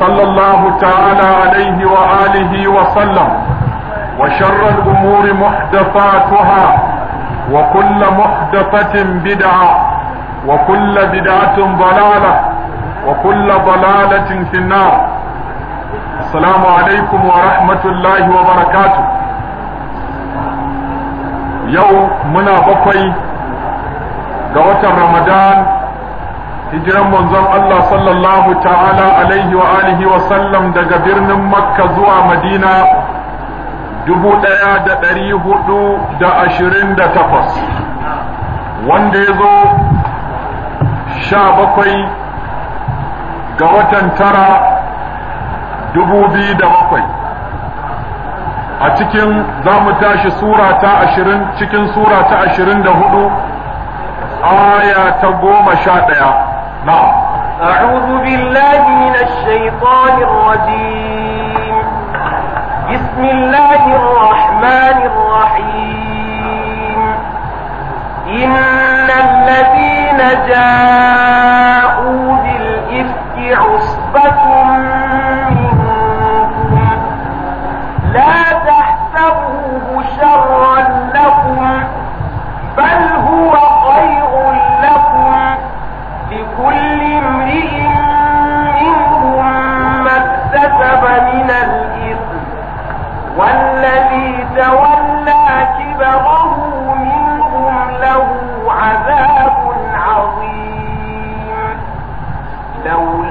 صلى الله تعالى عليه وآله وسلم وشر الأمور محدثاتها وكل محدثة بدعة وكل بدعة ضلالة وكل ضلالة في النار السلام عليكم ورحمة الله وبركاته يوم منا بقي ga watan Ramadan hijiran manzon Allah sallallahu ta'ala alaihi wa alihi wa sallam daga birnin Makka zuwa Madina dubu ɗaya da ɗari hudu da ashirin da takwas wanda ya zo sha bakwai ga watan tara dubu biyu da bakwai a cikin za mu tashi sura ta ashirin cikin sura ta ashirin da hudu aya ta goma sha ɗaya نعم. أعوذ بالله من الشيطان الرجيم بسم الله الرحمن الرحيم إن الذين جاءوا بالإفك عصبة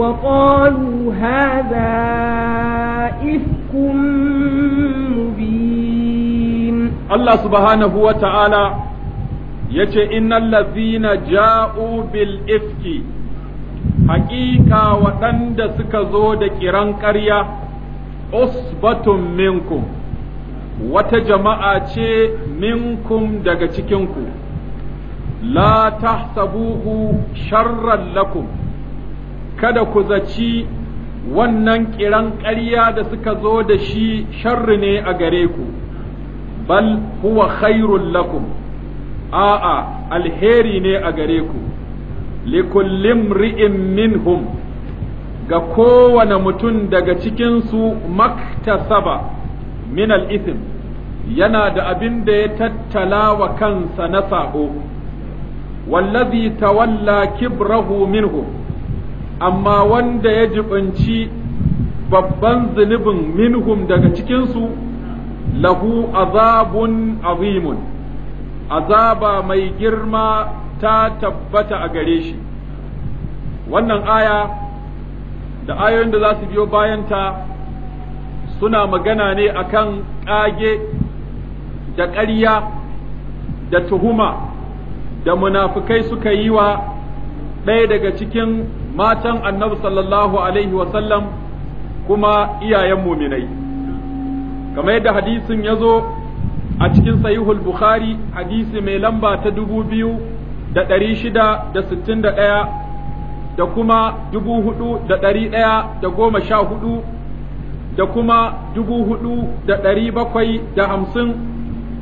وقالوا هذا إفك مبين الله سبحانه وتعالى يجي إن الذين جاءوا بالإفك حقيقة وأند سكزود كيران كريا أصبة منكم وتجمع منكم دقشكنكم لا تحسبوه شرا لكم kada ku zaci wannan kiran ƙarya da suka zo da shi sharri ne a gare ku bal huwa khairun lakum a'a alheri ne a gare ku likullim ri'in minhum ga kowane mutum daga cikinsu maktasaba min al'isim yana da abin da ya tattala wa kansa na saƙo wallazi tawalla kibrahu minhum amma wanda ya jibanci babban zunubin minhum daga cikinsu lahu azabun azimun azaba mai girma ta tabbata a gare shi wannan aya da ayoyin da za su biyo bayanta suna magana ne akan ƙage da ƙarya da tuhuma da munafukai suka yi wa ɗaya daga cikin matan annabi sallallahu alaihi wasallam kuma iyayen muminai kamar yadda hadisin ya zo a cikin sahihul bukhari hadisi mai lamba ta dubu biyu da ɗari shida da sittin da ɗaya da kuma dubu hudu da ɗari ɗaya da goma sha hudu da kuma dubu hudu da ɗari bakwai da hamsin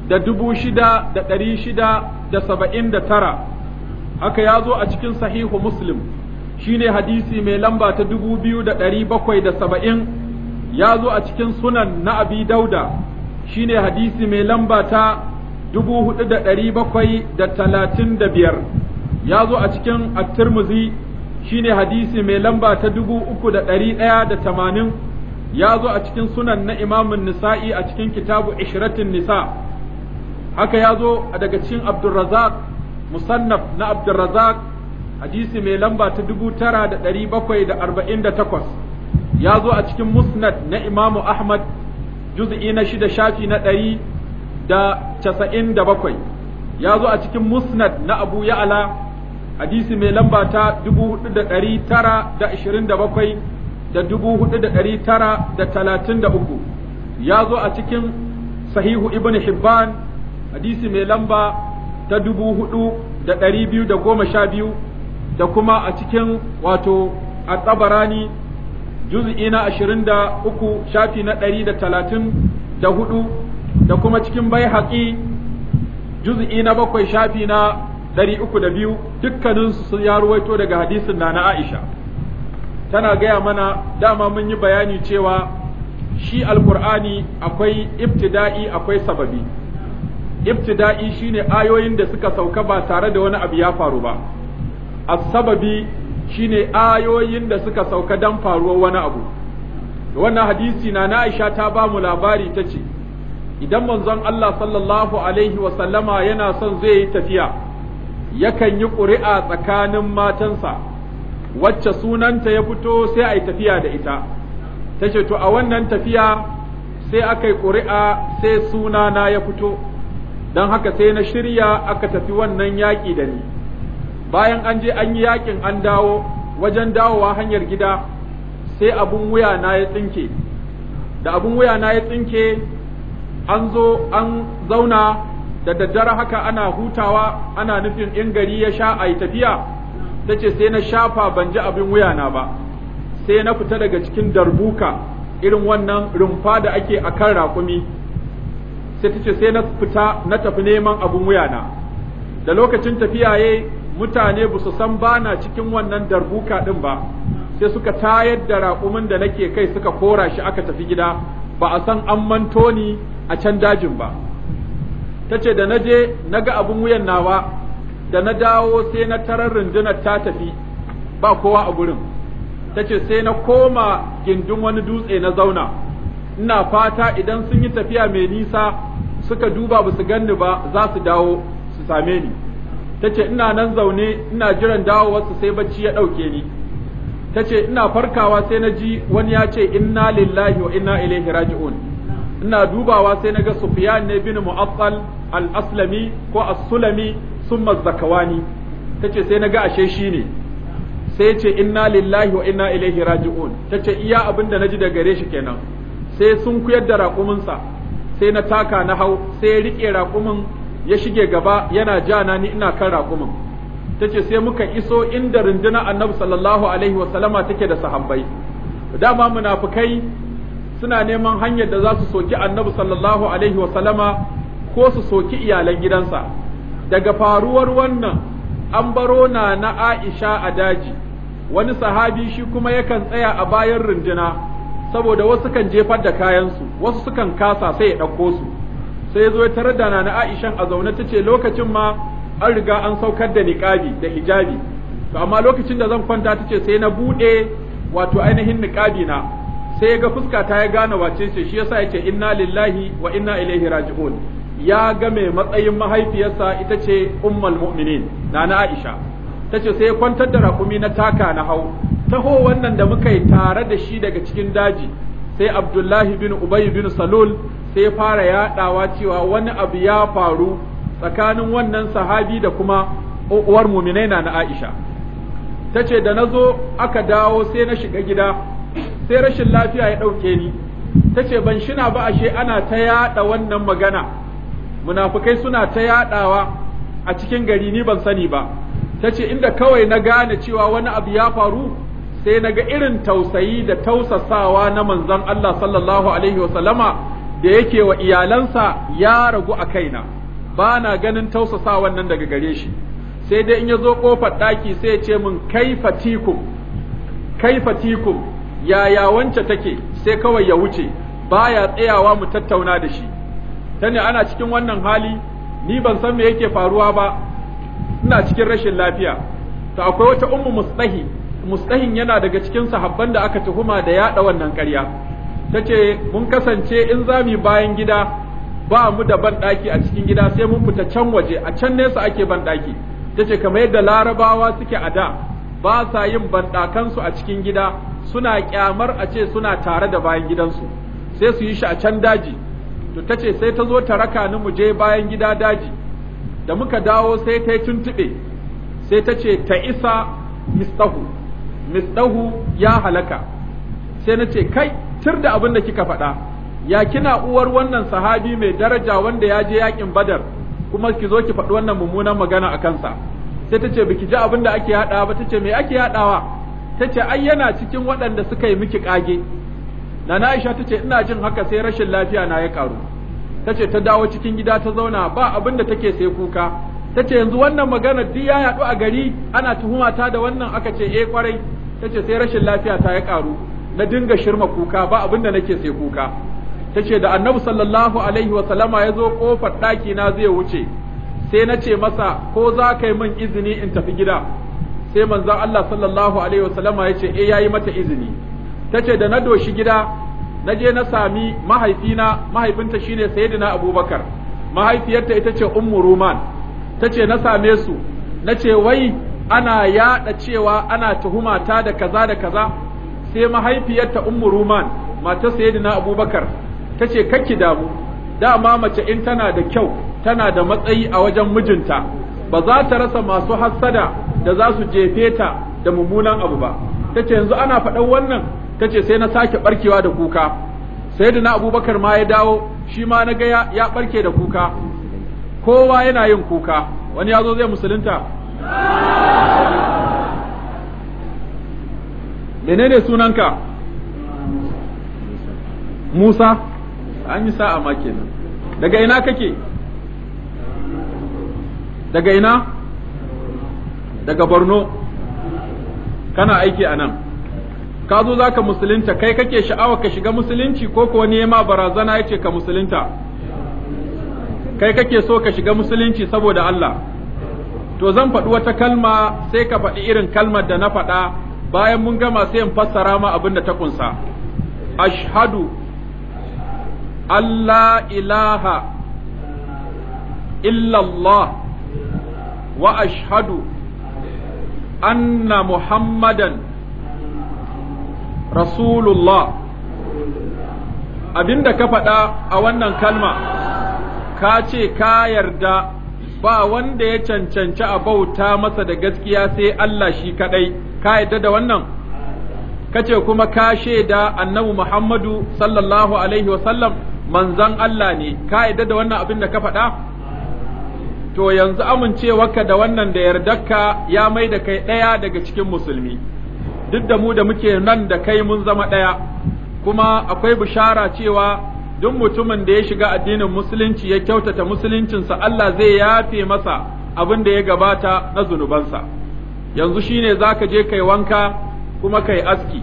da dubu shida da ɗari shida da saba'in da tara haka ya zo a cikin sahihu muslim shine hadisi mai lamba ta dubu biyu da ɗari bakwai da saba'in ya zo a cikin sunan na abi dauda shine hadisi mai lamba ta dubu hudu da ɗari bakwai da talatin da biyar ya zo a cikin at-tirmidhi shine hadisi mai lamba ta dubu uku da ɗari ɗaya da tamanin ya zo a cikin sunan na imamun nisa'i a cikin kitabu ishiratin nisa haka ya zo daga cikin abdulrazak musannaf na abdurrazak hadisi mai lamba ta dubu tara da ɗari bakwai da arba'in da takwas ya zo a cikin musnad na imamu ahmad juz'i na shida shafi na ɗari da casa'in da bakwai ya zo a cikin musnad na abu ya'ala hadisi mai lamba ta dubu hudu da ɗari tara da ashirin da bakwai da dubu hudu da ɗari tara da talatin da uku ya zo a cikin sahihu ibn hibban hadisi mai lamba ta dubu hudu da ɗari biyu da goma sha biyu da kuma a cikin wato a tsabarani juz'i na ashirin da uku shafi na ɗari da talatin da hudu da kuma cikin bai haƙi juz'i na bakwai shafi na ɗari uku da biyu dukkaninsu sun ya ruwaito daga hadisin na na Aisha tana gaya mana dama mun yi bayani cewa shi alkur'ani akwai ibtida'i akwai sababi ibtida'i shine ayoyin da suka sauka ba tare da wani abu ya faru ba as-sababi shine ayoyin da suka sauka dan faruwar wani abu wannan hadisi na Aisha ta ba mu labari tace idan manzon Allah sallallahu alaihi wa sallama yana son zai yi tafiya yakan yi ƙuri'a tsakanin matansa wacce sunanta ya fito sai a tafiya da ita tace to a wannan tafiya sai aka yi ƙuri'a sai sunana ya fito don haka sai na shirya aka tafi wannan yaƙi da ni bayan an je an yi yaƙin an dawo wajen dawowa hanyar gida sai abun wuya na ya tsinke da abun wuya na ya tsinke an zo an zauna da daddare haka ana hutawa ana nufin in gari ya sha a tafiya ta ce sai na shafa ban ji abin wuya na ba sai na fita daga cikin darbuka irin wannan rumfa da ake a kan raƙumi sai ta sai na fita na tafi neman abun na. da lokacin tafiya yayi mutane ba su san ba na cikin wannan darbuka din ba sai suka tayar da raƙumin da nake kai suka kora shi aka tafi gida ba a san an manto ni a can dajin ba tace da na je na ga abin wuyan nawa da na dawo sai na tarar rundunar ta tafi ba kowa a gurin tace sai na koma gindin wani dutse na zauna ina fata idan sun yi tafiya mai nisa suka duba ba su ganni ba za su dawo su same ni tace ina nan zaune ina jiran dawowarsu sai bacci ya ɗauke ni tace ina farkawa sai na ji wani ya ce inna lillahi wa inna ilaihi raji'un ina dubawa sai na ga Sufyan ne bin Mu'attal al-Aslami ko as-Sulami summa Zakawani tace sai na ga ashe shi ne sai ce inna lillahi wa inna ilaihi raji'un tace iya abinda naji da gare shi kenan sai sun kuyar da raƙuminsa sai na taka na hau sai ya riƙe raƙumin ya shige gaba yana ja na ni ina kan raƙumin tace sai muka iso inda runduna annabi sallallahu alaihi wasallama take da sahabbai dama munafukai suna neman hanyar da za su soki annabi sallallahu alaihi wasallama ko su soki iyalan gidansa daga faruwar wannan an baro na na Aisha a daji wani sahabi shi kuma yakan tsaya a bayan runduna saboda wasu kan jefar da kayansu wasu sukan kasa sai ya ɗauko su sai ya zo ya tarar da nana aisha a zaune ta ce lokacin ma an riga an saukar da niƙabi da hijabi to amma lokacin da zan kwanta ta ce sai na buɗe wato ainihin niƙabi na sai ga fuska ta ya gane wace ce shi yasa ce, inna lillahi wa inna ilaihi raji'un ya ga mai matsayin mahaifiyarsa ita ce ummul mu'minin nana Aisha tace sai ya kwantar da rakumi na taka na hau taho wannan da muka yi tare da shi daga cikin daji sai abdullahi bin ubay bin salul sai fara yadawa cewa wani abu ya faru tsakanin wannan sahabi da kuma uwar muminaina na aisha ta ce da na zo aka dawo sai na shiga gida sai rashin lafiya ya ɗauke ni ta ce ban shina ba ashe ana ta yaɗa wannan magana munafukai suna ta yaɗawa a cikin gari ni ban sani ba ta ce inda kawai na gane cewa wani abu ya faru sai na ga irin tausayi da tausasawa na manzon Allah sallallahu alaihi wasallama da yake wa iyalansa ya ragu a kaina ba na ganin tausasawan nan daga gare shi sai dai in ya zo kofar ɗaki sai ya ce min kai kaifatikum kai fatikum yaya wance take sai kawai ya wuce baya tsayawa mu tattauna da shi tani ana cikin wannan hali ni ban san me yake faruwa ba ina cikin rashin lafiya to akwai wata ummu mustahi mustahin yana daga cikin sahabban da aka tuhuma da yaɗa wannan ƙarya tace mun kasance in zami bayan gida ba mu da banɗaki a cikin gida sai mun fita can waje a can nesa ake banɗaki tace kamar yadda larabawa suke a da ba sa yin banɗakansu a cikin gida suna kyamar a ce suna tare da bayan gidansu sai su yi shi a can daji to tace sai ta zo ta raka ni mu je bayan gida daji da muka dawo sai ta yi tuntuɓe sai ta ce ta isa mistahu misdahu ya halaka sai na ce kai tir da abin da kika faɗa ya kina uwar wannan sahabi mai daraja wanda ya je yakin badar kuma ki zo ki faɗi wannan mummunan magana a kansa sai ta ce biki ji abin da ake haɗawa ba ta ce me ake haɗawa ta ce ai yana cikin waɗanda suka yi miki kage. na Aisha ta ce ina jin haka sai rashin lafiya na ya ƙaru ta ce ta dawo cikin gida ta zauna ba abin da take sai kuka ta ce yanzu wannan magana duk ya yaɗu a gari ana tuhumata da wannan aka ce eh kwarai tace sai rashin lafiya ta ya karu na dinga shirma kuka ba abin da nake sai kuka tace da annabi sallallahu alaihi wa sallama ya zo kofar ɗaki na zai wuce sai na ce masa ko za ka yi min izini in tafi gida sai manzon Allah sallallahu alaihi wa sallama ya ce eh yayi mata izini tace da na doshi gida na je na sami mahaifina mahaifinta shine sayyidina abubakar mahaifiyarta ita ce ummu ruman tace na same su nace wai ana yaɗa cewa ana tuhuma ta da kaza da kaza sai mahaifiyarta ummu ruman matar sayyidina abubakar tace kake damu dama mace in tana da kyau tana da matsayi a wajen mijinta ba za ta rasa masu hassada da za su jefe ta da mummunan abu ba tace yanzu ana faɗan wannan tace sai na sake barkewa da kuka sayyidina abubakar ma ya dawo shi ma na ga ya barke da kuka kowa yana yin kuka wani ya zo zai musulunta menene sunanka Musa an yi sa'a ma kenan daga ina kake daga ina daga Borno kana aiki a nan ka zo za ka musulunta kai kake sha'awa ka shiga musulunci ko kuwa ne ma barazana ya ce ka musulunta kai kake so ka shiga musulunci saboda Allah to zan faɗi wata kalma sai ka faɗi irin kalmar da na faɗa bayan mun gama sai in fassara ma abin da ta kunsa ashhadu Allah ilaha illallah wa ashhadu anna muhammadan rasulullah abinda ka faɗa a wannan kalma ka ce ka yarda ba wanda ya cancanci a bauta masa da gaskiya sai Allah shi kaɗai, ka yadda da wannan? Kace kuma ka shaida annabi Muhammadu sallallahu Alaihi wasallam manzan Allah ne, ka yadda da wannan abin da ka faɗa? To yanzu amincewarka da wannan da yardarka ya mai da kai ɗaya daga cikin musulmi, duk da mu da muke nan da kai mun zama ɗaya, kuma akwai bishara cewa duk mutumin da ya shiga addinin musulunci ya kyautata musuluncinsa Allah zai yafe masa abin da ya gabata na zunubansa yanzu shine zaka je kai wanka kuma kai aski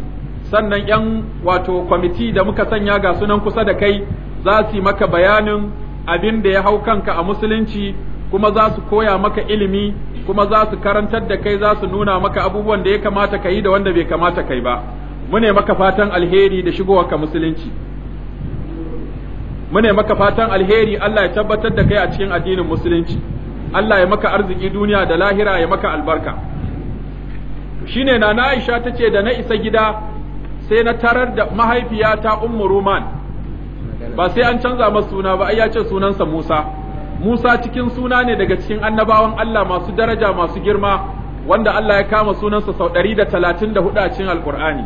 sannan yan wato kwamiti da muka sanya ga sunan kusa da kai za su maka bayanin abin da ya hau kanka a musulunci kuma za su koya maka ilimi kuma za su karantar da kai za su nuna maka abubuwan da ya kamata ka yi da wanda bai kamata kai ba mune maka fatan alheri da shigowarka musulunci mune maka fatan alheri Allah ya tabbatar da kai a cikin addinin musulunci Allah ya maka arziki duniya da lahira ya maka albarka shine na Aisha tace da na isa gida sai na tarar da mahaifiyata Ummu Ruman ba sai an canza masa suna ba ai ya ce sunansa Musa Musa cikin suna ne daga cikin annabawan Allah masu daraja masu girma wanda Allah ya kama sunansa sau 134 a cikin alkur'ani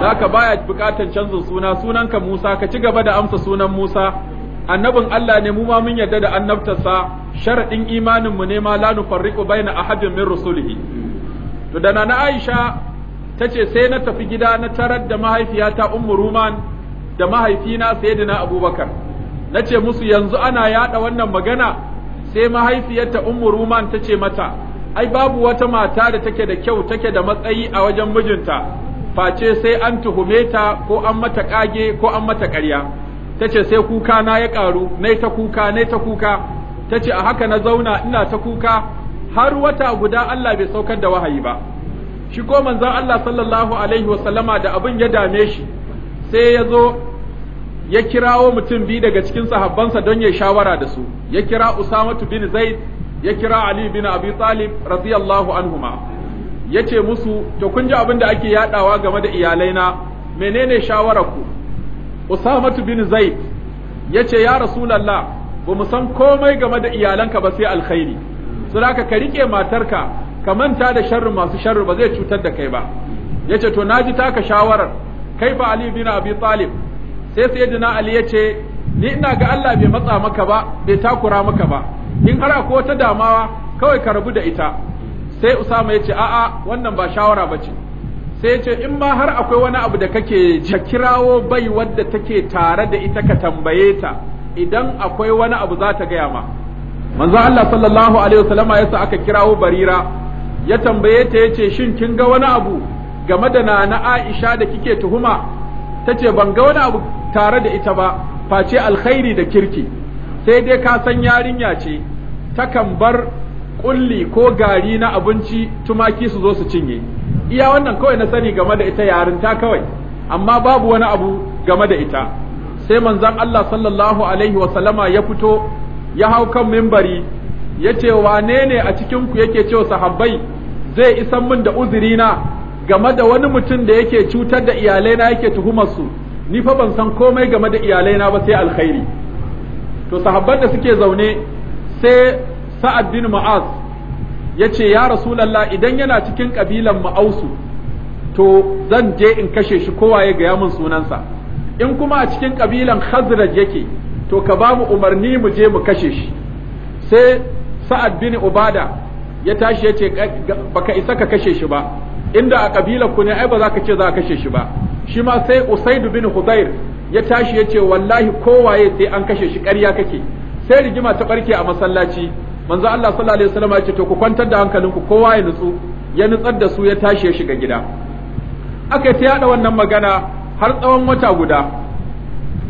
zaka baya bukatan canzin suna sunanka Musa ka ci gaba da amsa sunan Musa annabin Allah ne mu ma mun yarda da annabtarsa sharaɗin imanin mu ne ma la nufarriqu baina ahadin min rusulihi to da na Aisha tace sai na tafi gida na tarar da mahaifiyata Ummu Ruman da mahaifina Sayyidina Abubakar nace musu yanzu ana yada wannan magana sai mahaifiyarta Ummu Ruman tace mata ai babu wata mata da take da kyau take da matsayi a wajen mijinta face sai an tuhume ta ko an mata kage ko an mata ƙarya tace sai kuka na ya ƙaru nai ta kuka nai ta kuka tace a haka na zauna ina ta kuka har wata guda Allah bai saukar da wahayi ba shi ko manzon Allah sallallahu alaihi wasallama da abin ya dame shi sai ya zo ya kirawo mutum biyu daga cikin sahabbansa don ya shawara da su ya kira Usamatu bin Zaid ya kira Ali bin Abi Talib radiyallahu anhuma yace musu to kun ji abin da ake yadawa game da iyalaina menene shawarar ku Usamatu bin Zaid yace ya Rasulullah ba mu san komai game da iyalanka ba sai alkhairi da ka rike matarka ka manta da sharri masu sharri ba zai cutar da kai ba yace to naji taka shawarar kai fa Ali bin Abi Talib sai sayyidina Ali yace ni ina ga Allah bai matsa maka ba bai takura maka ba in har akwai wata damawa kawai ka rabu da ita sai Usama ya ce a'a wannan ba shawara bace sai ya ce in ma har akwai wani abu da kake ka kirawo bai wadda take tare da ita ka tambaye ta idan akwai wani abu za ta gaya ma manzo Allah sallallahu alaihi wasallama sa aka kirawo barira ya tambaye ta ya ce shin kin ga wani abu game da nana Aisha da kike tuhuma tace ban ga wani abu tare da ita ba face alkhairi da kirki sai dai ka san yarinya ce takan bar ƙulli ko gari na abinci tumaki su zo su cinye iya wannan kawai na sani game da ita yarinta kawai amma babu wani abu game da ita sai manzon Allah sallallahu alaihi wa sallama ya fito ya hau kan mimbari ya ce wane ne a cikin ku yake cewa sahabbai zai isan min da uzuri na game da wani mutum da yake cutar da iyalaina yake tuhumar su ni fa ban san komai game da iyalai na ba sai alkhairi to sahabban da suke zaune sai sa'ad bin mu'az ya ce ya rasulallah idan yana cikin kabilan ma'ausu to zan je in kashe shi kowa ya gaya mun sunansa in kuma a cikin kabilan khazraj yake to ka ba mu umarni mu je mu kashe shi sai sa'ad bin ubada ya tashi ya ce baka isa ka kashe shi ba inda a kabilar ku ne ai ba za ka ce za ka kashe shi ba shi ma sai usaid bin hudayr ya tashi ya ce wallahi kowaye sai an kashe shi ƙarya kake sai rigima ta ɓarke a masallaci manzo Allah sallallahu alaihi wasallam ya ce to ku kwantar da hankalinku kowa ya nutsu ya nutsar da su ya tashi ya shiga gida aka ta yada wannan magana har tsawon wata guda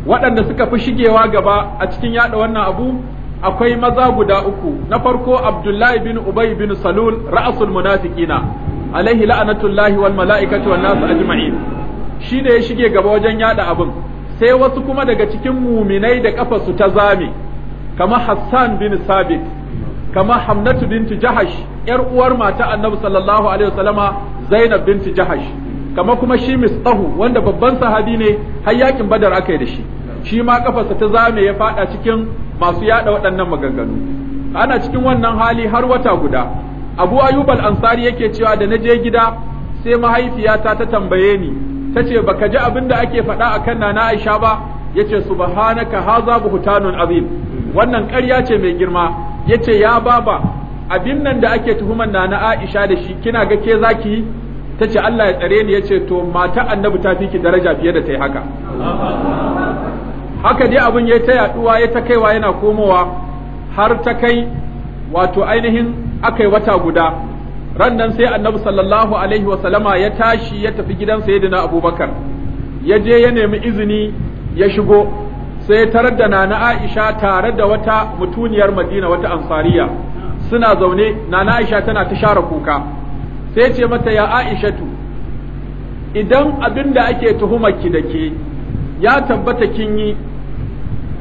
waɗanda suka fi shigewa gaba a cikin yada wannan abu akwai maza guda uku na farko Abdullahi bin Ubay bin Salul ra'asul munafiqina alaihi la'anatullahi wal mala'ikati wan nas ajma'in shi da ya shige gaba wajen yada abin sai wasu kuma daga cikin muminai da su ta zame kama Hassan bin Sabit kama Hamnatu binti Jahash yar uwar mata Annabi sallallahu alaihi wasallama Zainab binti Jahash kama kuma shi Mistahu wanda babban sahabi ne har yakin Badar aka yi da shi shi ma kafarsa ta zame ya fada cikin masu yada waɗannan maganganu ana cikin wannan hali har wata guda Abu Ayyub al-Ansari yake cewa da naje gida sai mahaifiyata ta tambaye ni tace baka ji abin da ake faɗa a kan nana Aisha ba yace subhanaka haza buhutanun azim wannan ƙarya ce mai girma yace ya baba abin nan da ake tuhuman nana Aisha da shi kina ga ke zaki tace Allah ya tsare ni yace to mata annabi ta fi ki daraja fiye da ta yi haka haka dai abin ya ta yaduwa ya ta kaiwa yana komowa har ta kai wato ainihin akai wata guda rannan sai annabi sallallahu alaihi wasallama ya tashi ya tafi gidan sayyidina abubakar ya je ya nemi izini ya shigo sai tarar da nana aisha tare da wata mutuniyar madina wata ansariya suna zaune nana aisha tana ta share kuka sai ce mata ya aishatu idan abin da ake ki da ke ya tabbata kin yi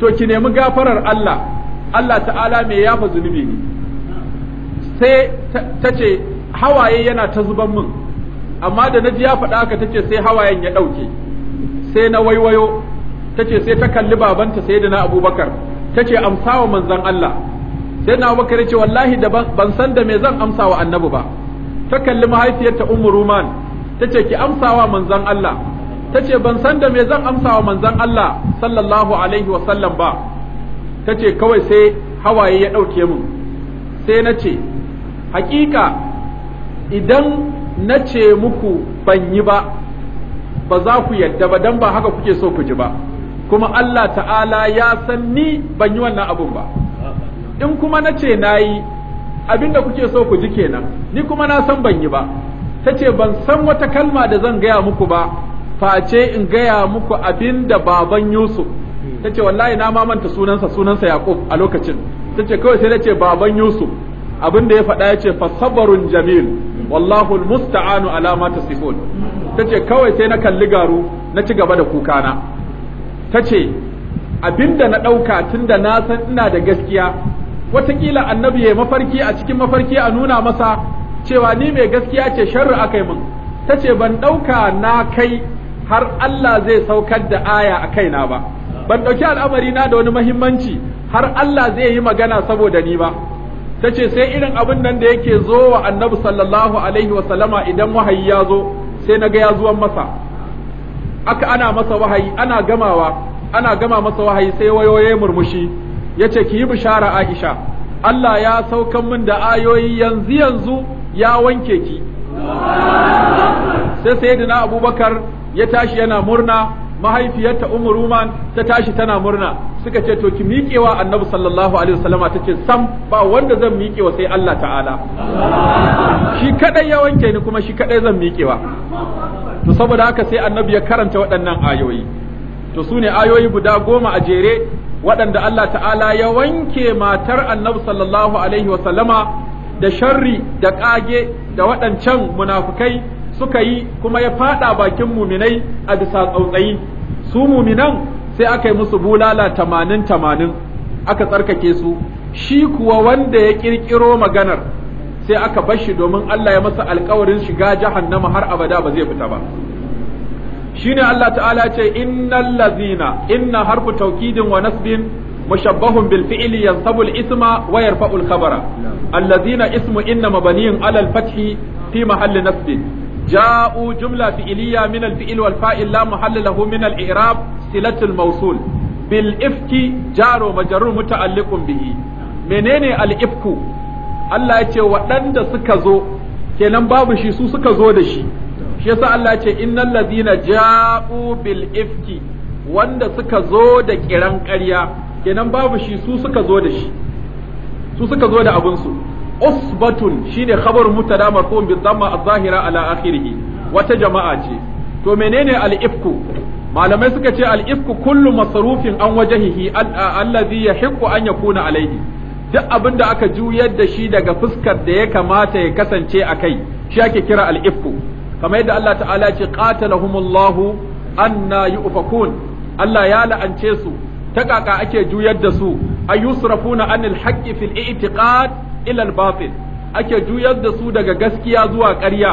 to ki nemi gafarar Allah Allah ta'ala mai yafa zunubi ne sai ta ce hawaye yana ta zuban min amma da naji ya faɗa haka tace sai hawayen ya ɗauke sai na waiwayo tace sai ta kalli babanta sayyidina abubakar tace amsa wa manzon Allah sai na abubakar yace wallahi da ban san da me zan amsa wa annabi ba ta kalli mahaifiyarta ummu ruman tace ki amsa wa manzon Allah tace ban san da me zan amsa wa manzon Allah sallallahu alaihi wa sallam ba tace kawai sai hawaye ya ɗauke min sai na ce hakika idan na ce muku ban yi ba ba za ku yadda ba don ba haka kuke so ku ji ba kuma Allah ta'ala ya san ni ban yi wannan abun ba in kuma na ce na yi abinda kuke so ku ji kenan ni kuma na san ban yi ba ta ce ban san wata kalma da zan gaya muku ba face in gaya muku abinda baban Yusuf ta ce wallahi na manta sunansa sunansa Yaqub a lokacin ta ce kawai sai na ce baban Yusuf abinda ya faɗa ya ce fasabarun jamil wallahu musta'anu ala ma tasifun tace kawai sai na kalli garu na ci gaba da kuka na tace abinda na dauka tunda na san ina da gaskiya watakila annabi ya mafarki a cikin mafarki a nuna masa cewa ni mai gaskiya ce sharri akai min tace ban dauka na kai har Allah zai saukar da aya a kaina ba ban dauki al'amari na da wani muhimmanci har Allah zai yi magana saboda ni ba ta ce sai irin abin nan da yake zo wa annabi sallallahu alaihi sallama idan wahayi ya zo sai na ga ya zuwan masa aka ana masa wahayi ana gamawa ana gama masa wahayi sai wayoye murmushi ya ce ki yi bishara aisha Allah ya saukan min da ayoyi yanzu yanzu ya wanke ki sai sayyidina abubakar ya tashi yana murna mahaifiyarta Ummu Ruman ta tashi tana murna suka ce to ki miƙewa Annabi sallallahu alaihi wasallama tace sam ba wanda zan miƙewa sai Allah ta'ala shi kadai ya wanke ni kuma shi kadai zan miƙewa to saboda haka sai Annabi ya karanta waɗannan ayoyi to su ne ayoyi guda goma a jere waɗanda Allah ta'ala ya wanke matar Annabi sallallahu alaihi wasallama da sharri da ƙage da waɗancan munafukai suka yi kuma ya fada bakin muminai a bisa tsautsayi su muminan sai aka yi musu bulala tamanin tamanin aka tsarkake su shi kuwa wanda ya kirkiro maganar sai aka bar shi domin Allah ya masa alkawarin shiga jahannama har abada ba zai fita ba shine Allah ta'ala ce innal ladzina inna harfu tawkidin wa nasbin mushabbahun bil fi'li yansabu al isma wa yarfa'u al khabara alladzina ismu inna mabaniyin ala al fathi fi mahalli nasbin ja'u jumla fi'iliya min al-fi'il wal fa'il la lahu min al-i'rab silatul mawsul bil ifki jaru majrur muta'alliqun bihi menene al-ifku Allah ya ce waɗanda suka zo kenan babu shi su suka zo da shi shi yasa Allah ya ce innal ladina ja'u bil ifki wanda suka zo da kiran ƙarya kenan babu shi su suka zo da shi su da abinsu usbatun shine khabar mutada marfu'un bi dhamma az-zahira ala akhirih wata jama'a ce to menene al-ifku malamai suka ce al-ifku kullu masrufin an wajhihi alladhi yahiqqu an yakuna alayhi duk abin da aka juyar da shi daga fuskar da ya kamata ya kasance a kai shi ake kira al-ifku kamar yadda Allah ta'ala ce qatalahumullahu anna yu'fakun Allah ya la'ance su ta kaka ake juyar da su ay yusrafuna anil haqqi fil i'tiqad ilal al-batil ake juyar da su daga gaskiya zuwa ƙarya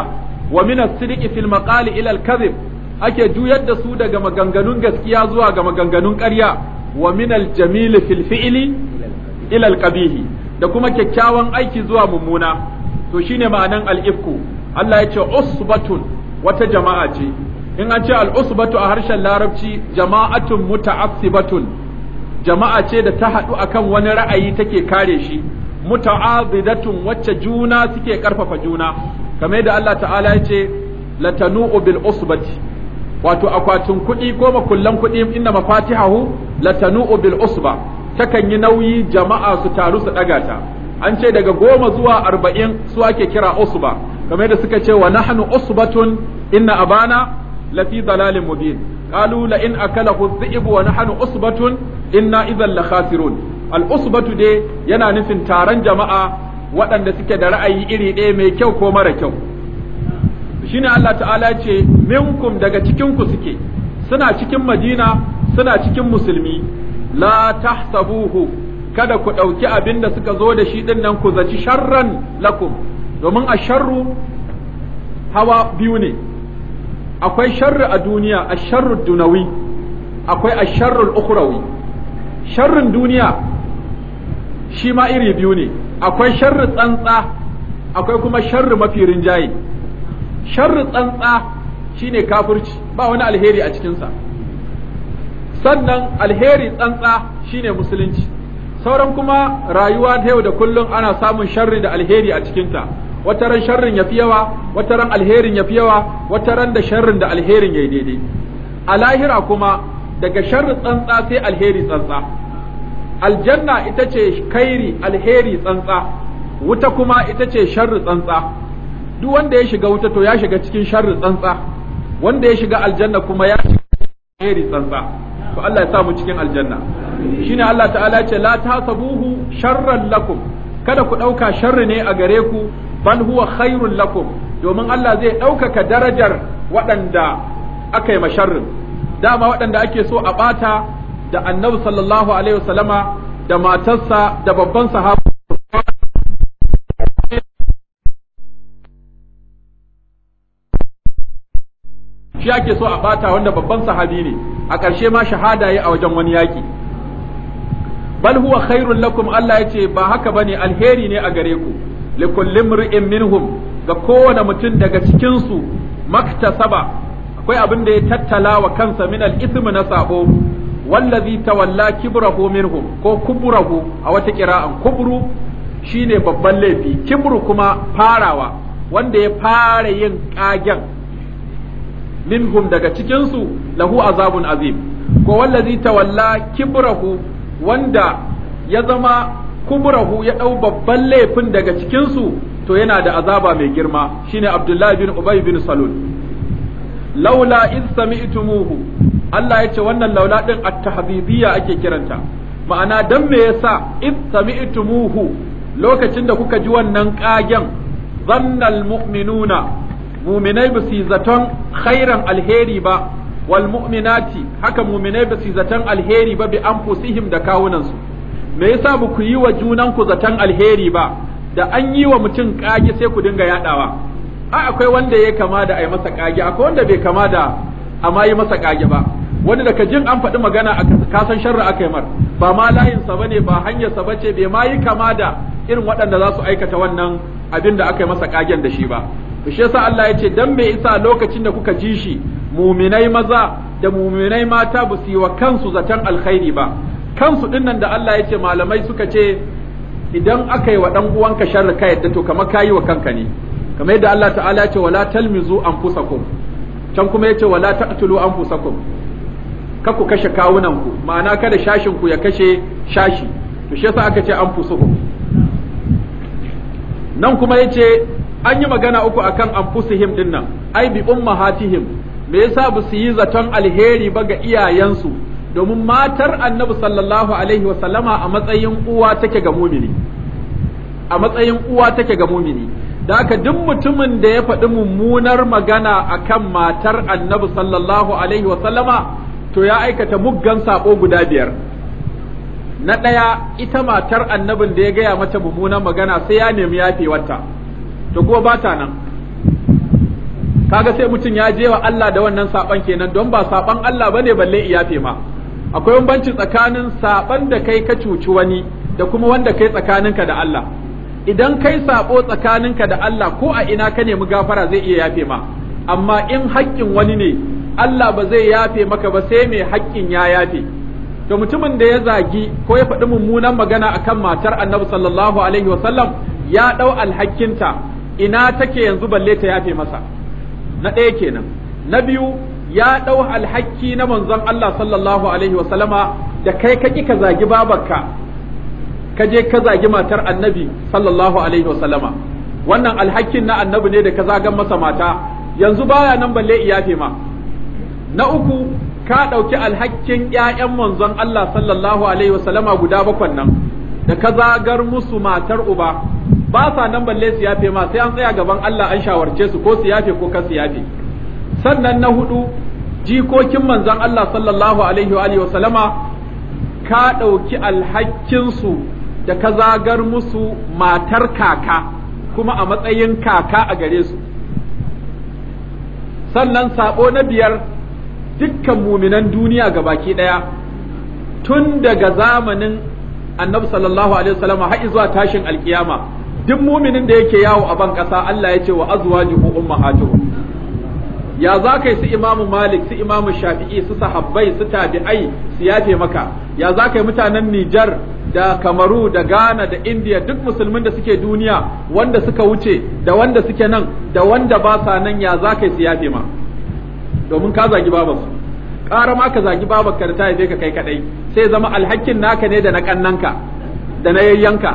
wa min as-sidqi fil maqali ila al-kadhib ake juyar da su daga maganganun gaskiya zuwa ga maganganun ƙarya wa min al-jamil fil fi'li ila al da kuma kyakkyawan aiki zuwa mummuna to shine ma'anan al-ifku Allah ya ce usbatun wata jama'a ce in an ce al-usbatu a harshen larabci jama'atun muta'assibatun jama'a ce da ta haɗu akan wani ra'ayi take kare shi muta'adidatun wacce juna suke karfafa juna kamar da Allah ta'ala ya ce latanu'u bil usbati wato akwatin kuɗi ko makullan kuɗi inna mafatihahu latanu'u bil usba takan yi nauyi jama'a su taru su daga ta an ce daga goma zuwa arba'in su ake kira usba kamar da suka ce wa nahnu usbatun inna abana lafi dalalin mubin qalu la in akalahu dhi'bu wa nahnu usbatun inna idhan la khasirun al'usbatu dai yana nufin taron jama'a waɗanda suke da ra'ayi iri ɗaya mai kyau ko mara kyau shine Allah ta'ala ce minkum daga cikinku suke suna cikin madina suna cikin musulmi la tahsabuhu kada ku ɗauki abin da suka zo da shi ɗin nan ku zaci sharran lakum domin a sharru hawa biyu ne akwai sharri a duniya a sharru dunawi akwai a sharrul ukhrawi sharrin duniya shi ma iri biyu ne akwai sharri tsantsa akwai kuma sharri mafi rinjaye sharri tsantsa shine kafirci ba wani alheri a cikinsa sannan alheri tsantsa shine musulunci sauran kuma rayuwa ta yau da kullum ana samun sharri da alheri a cikinta wata ran sharrin ya fi yawa wata ran alherin ya fi yawa wata ran da sharrin da alherin ya yi daidai a lahira kuma daga sharri tsantsa sai alheri tsantsa aljanna ita ce kairi alheri tsantsa wuta kuma ita ce sharri tsantsa duk wanda ya shiga wuta to ya shiga cikin sharri tsantsa wanda ya shiga aljanna kuma ya shiga alheri tsantsa to Allah ya sa mu cikin aljanna shine Allah ta'ala ce la tasabuhu sharran lakum kada ku dauka sharri ne a gare ku bal huwa khairul lakum domin Allah zai ɗaukaka darajar waɗanda aka yi masharrin dama waɗanda ake so a ɓata da annabi sallallahu alaihi wasallama da matarsa da babban sahaba shi ake so a bata wanda babban sahabi ne a ƙarshe ma shahada ya a wajen wani yaƙi bal huwa khairul lakum Allah yace ba haka bane alheri ne a gare ku likullin mri'in minhum ga kowane mutum daga cikin su maktasaba akwai abin da ya tattala wa kansa min al-ithmi na sabo wallazi tawalla kibrahu minhum ko kuburahu a wata kira'an kubru shine babban laifi kibru kuma farawa wanda ya fara yin kagen minhum daga cikinsu lahu azabun azim ko wallazi tawalla kibrahu wanda ya zama kuburahu ya dau babban laifin daga cikinsu to yana da azaba mai girma shine abdullahi bin ubay bin salul laula in sami'tumuhu Allah ya ce wannan laula din at ake kiranta ma'ana dan me yasa id sami'tumuhu lokacin da kuka ji wannan kagen zannal mu'minuna mu'minai ba su zaton khairan alheri ba wal mu'minati haka mu'minai ba su zaton alheri ba bi anfusihim da kawunansu me yasa ba ku yi wa ku zaton alheri ba da an yi wa mutum kage sai ku dinga yadawa a akwai wanda ya kama da yi masa kage akwai wanda bai kama da ma yi masa kage ba wani daga jin an faɗi magana a kasan sharra aka yi mar ba ma layinsa bane ba hanyarsa bace bai ma yi kama da irin waɗanda za su aikata wannan abin da aka yi masa kagen da shi ba to shi yasa Allah ya ce dan me isa lokacin da kuka ji shi muminai maza da muminai mata ba su yi wa kansu zaton alkhairi ba kansu dinnan da Allah ya ce malamai suka ce idan aka yi wa dan uwanka sharri ka yadda to kamar kayi wa kanka ne kamar yadda Allah ta'ala ya ce wala talmizu anfusakum can kuma yace wala taqtulu anfusakum ka ku kashe kawunan ku ma'ana kada shashin ku ya kashe shashi to shi yasa aka ce an fusuhum nan kuma yace an yi magana uku akan an anfusihim din nan ai bi ummahatihim me yasa ba su yi zaton alheri ba ga iyayensu domin matar annabi sallallahu alaihi wa sallama a matsayin uwa take ga mumini a matsayin uwa take ga mumini da aka duk mutumin da ya faɗi mummunar magana akan matar annabi sallallahu alaihi wa sallama to ya aikata muggan sako guda biyar na ɗaya ita matar annabin da ya gaya mata mummunan magana sai ya nemi yafewarta to kuma ba ta nan kaga sai mutum ya je wa Allah da wannan saban kenan don ba saban Allah bane balle yafe ma akwai bambanci tsakanin saban da kai ka cuci wani da kuma wanda kai tsakaninka da Allah idan kai sabo tsakaninka da Allah ko a ina ka nemi gafara zai iya yafe ma amma in haƙƙin wani ne Allah ba zai yafe maka ba sai mai haƙƙin ya yafe to mutumin da ya zagi ko ya faɗi mummunan magana akan matar Annabi sallallahu alaihi wa sallam ya ɗau alhakinta ina take yanzu balle ta yafe masa na ɗaya kenan na biyu ya ɗau alhaki na manzon Allah sallallahu alaihi wa sallama da kai ka ka zagi babarka ka je ka zagi matar annabi sallallahu alaihi wa sallama. wannan alhakin na annabi ne da ka zagan masa mata yanzu baya nan balle iyafe ma na uku ka ɗauki alhakin ‘ya'yan manzon Allah sallallahu Alaihi wasallama guda bakwan nan, da ka zagar musu matar uba, ba sa nan balle su yafe ma sai an tsaya gaban Allah an shawarce su ko su yafe ko ka su yafe. Sannan na hudu, jikokin manzon Allah sallallahu Alaihi wa wasallama ka ɗauki alhakinsu da ka zagar musu matar kaka, kuma a matsayin kaka a gare su. Sannan sabo na biyar dukkan muminan duniya ga baki ɗaya tun daga zamanin annabi sallallahu alaihi wasallam har zuwa tashin alkiyama duk muminin da yake yawo a ban ƙasa Allah ya ce wa azwajuhu ummahatuhum ya za ka yi su imamu malik su imamu shafi'i su sahabbai su tabi'ai su yafe maka ya za ka yi mutanen nijar da kamaru da ghana da indiya duk musulmin da suke duniya wanda suka wuce da wanda suke nan da wanda ba sa nan ya za ka yi su yafe ma domin ka zagi babar su ƙara ma ka zagi babar ka da ta haife ka kai kaɗai. sai zama alhakin naka ne da na kannanka da na yayyanka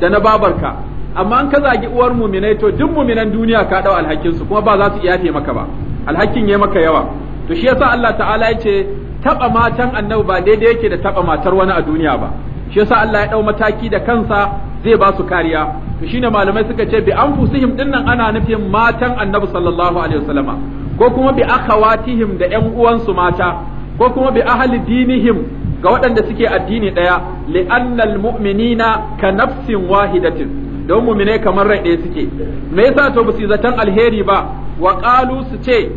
da na babarka amma an ka zagi uwar muminai to duk muminan duniya ka ɗau alhakin su kuma ba za su iyafe maka ba alhakin yayi maka yawa to shi yasa Allah ta'ala ya ce taba matan annabi ba daidai yake da taɓa matar wani a duniya ba shi yasa Allah ya dau mataki da kansa zai ba su kariya to shine malamai suka ce bi anfusihim dinnan ana nufin matan annabi sallallahu alaihi ko kuma bi akhawatihim da ƴan uwansu mata ko kuma bi ahli dinihim ga waɗanda suke addini ɗaya li'annal mu'minina ka nafsin wahidatin don muminai kamar rai ɗaya suke me yasa to ba zaton alheri ba wa qalu su ce